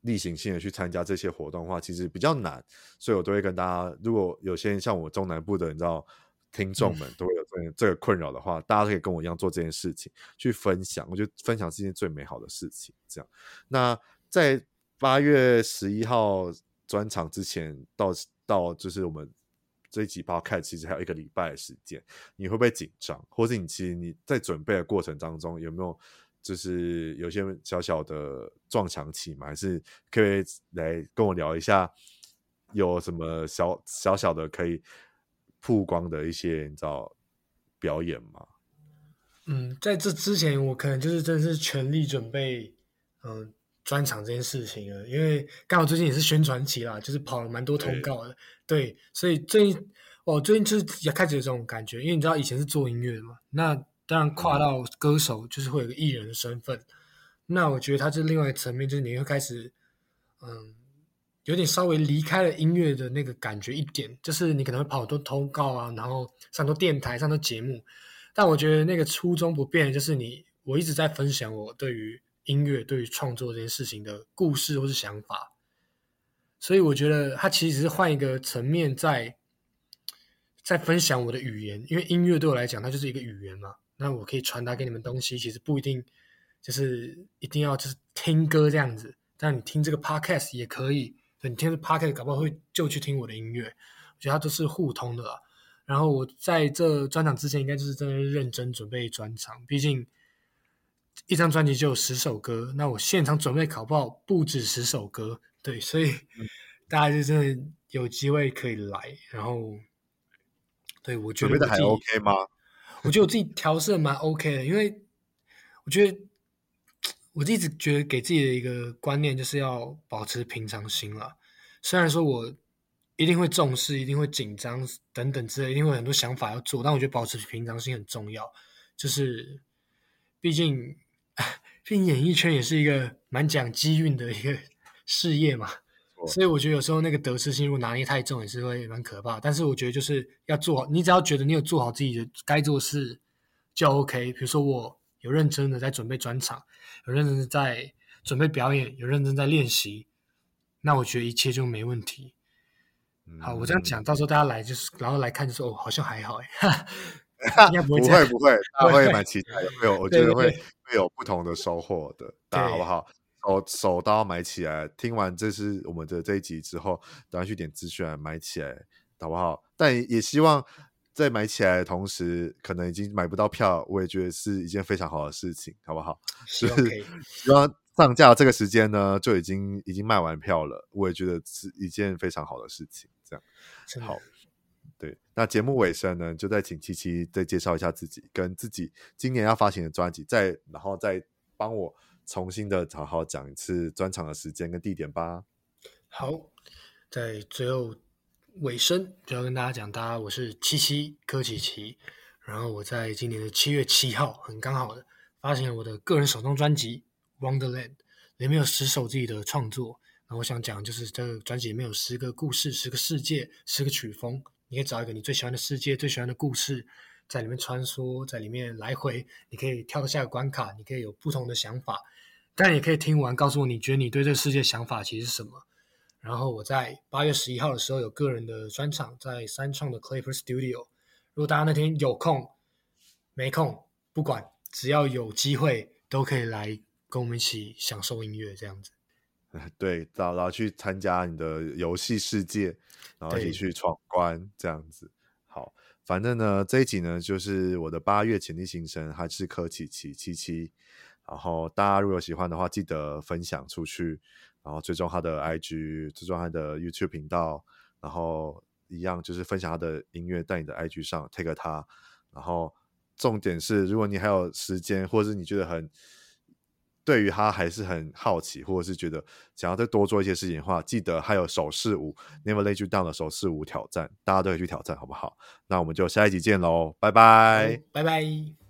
例行性的去參加這些活動的話，其實比較難。所以我都會跟大家，如果有些人像我中南部的，你知道。聽眾們都會有這這個困擾的話，嗯，大家可以跟我一樣做這件事情，去分享。我覺得分享是一件最美好的事情。這樣，那在八月十一號專場之前到到，到就是我們這一集包開，其實還有一個禮拜的時間。你會不會緊張？或是你其實你在準備的過程當中有沒有就是有些小小的撞牆期嗎？還是可以來跟我聊一下，有什麼小小小的可以。曝光的一些你知道表演嗎？嗯，在這之前我可能就是真的是全力準備嗯專場這件事情了，因為剛好最近也是宣傳期啦，就是跑了蠻多通告的，對，對所以最近我、哦、最近就是也開始有這種感覺，因為你知道以前是做音樂的嘛，那當然跨到歌手就是會有個藝人的身份、嗯，那我覺得他這另外一層面，就是你會開始嗯。有點稍微離開了音樂的那個感覺一點，就是你可能會跑多通告啊，然後上多電台，上多節目。但我覺得那個初衷不變，就是你我一直在分享我對於音樂、對於創作這件事情的故事或是想法。所以我覺得他其實只是換一個層面，在在分享我的語言，因為音樂對我來講，它就是一個語言嘛。那我可以傳達給你們東西，其實不一定就是一定要就是聽歌這樣子，但你聽這個 Podcast 也可以。每天的 parking 搞不好會就去聽我的音樂，我覺得它都是互通的啊。然後我在這專場之前，應該就是真的認真準備專場。畢竟一張專輯就有十首歌，那我現場準備搞不好不止十首歌。對，所以大家就真的有機會可以來。然後，對，我覺得還 OK 嗎？我覺得我自己調色蠻 OK 的， <laughs> 因為我覺得。我一直覺得給自己的一個觀念就是要保持平常心了。雖然說我一定會重視，一定會緊張等等之類，一定會有很多想法要做，但我覺得保持平常心很重要。就是，畢竟，畢竟演藝圈也是一個蠻講機運的一個事業嘛，所以我覺得有時候那個得失心如果拿捏太重也是會蠻可怕的。但是我覺得就是要做好，你只要覺得你有做好自己的該做的事就 OK。比如說我有認真的在準備專場。有認真在準備表演，有認真在練習，那我覺得一切就沒問題。嗯、好，我這樣講，到時候大家來就是，然後來看就說、是、哦，好像還好哈哈、啊、不會不會，不會不會買其他，待，會有我覺得會對對對會有不同的收穫的，大家好不好？哦，手刀買起來！聽完這次我們的這一集之後，等下去點資訊買起來，好不好？但也希望。在買起來的同時，可能已經買不到票，我也覺得是一件非常好的事情，好不好？是，那 <laughs> 上架這個時間呢，就已經已經賣完票了，我也覺得是一件非常好的事情。這樣，好，對。那節目尾聲呢，就再請七七再介紹一下自己跟自己今年要發行的專輯，再然後再幫我重新的好好講一次專場的時間跟地點吧。好，嗯、在最後。尾聲就要跟大家講，大家我是七七柯棨棋。然後我在今年的七月七號，很剛好的發行了我的個人首張專輯《Wonderland》，裡面有十首自己的創作。然後我想講，就是這個專輯裡面有十個故事、十個世界、十個曲風，你可以找一個你最喜歡的世界、最喜歡的故事，在裡面穿梭，在裡面來回，你可以跳到下個關卡，你可以有不同的想法。但也可以聽完，告訴我你覺得你對這個世界想法其實是什麼。然後我在八月十一號的時候有個人的專場在三創的 Clapper Studio，如果大家那天有空沒空不管，只要有機會都可以來跟我們一起享受音樂這樣子。啊，對，然後去參加你的遊戲世界，然後一起去闖關這樣子。好，反正呢，這一集呢，就是我的八月潛力新聲還是柯棨棋七七，然後大家如果有喜歡的話，記得分享出去。然後追蹤他的 IG，追蹤他的 YouTube 頻道，然後一樣就是分享他的音樂在你的 IG 上 tag 他。然後重點是，如果你還有時間，或者是你覺得很對於他還是很好奇，或者是覺得想要再多做一些事情的話，記得還有手勢舞 Never Let You Down 的手勢舞挑戰，大家都可以去挑戰，好不好？那我們就下一集見嘍，拜拜，拜拜。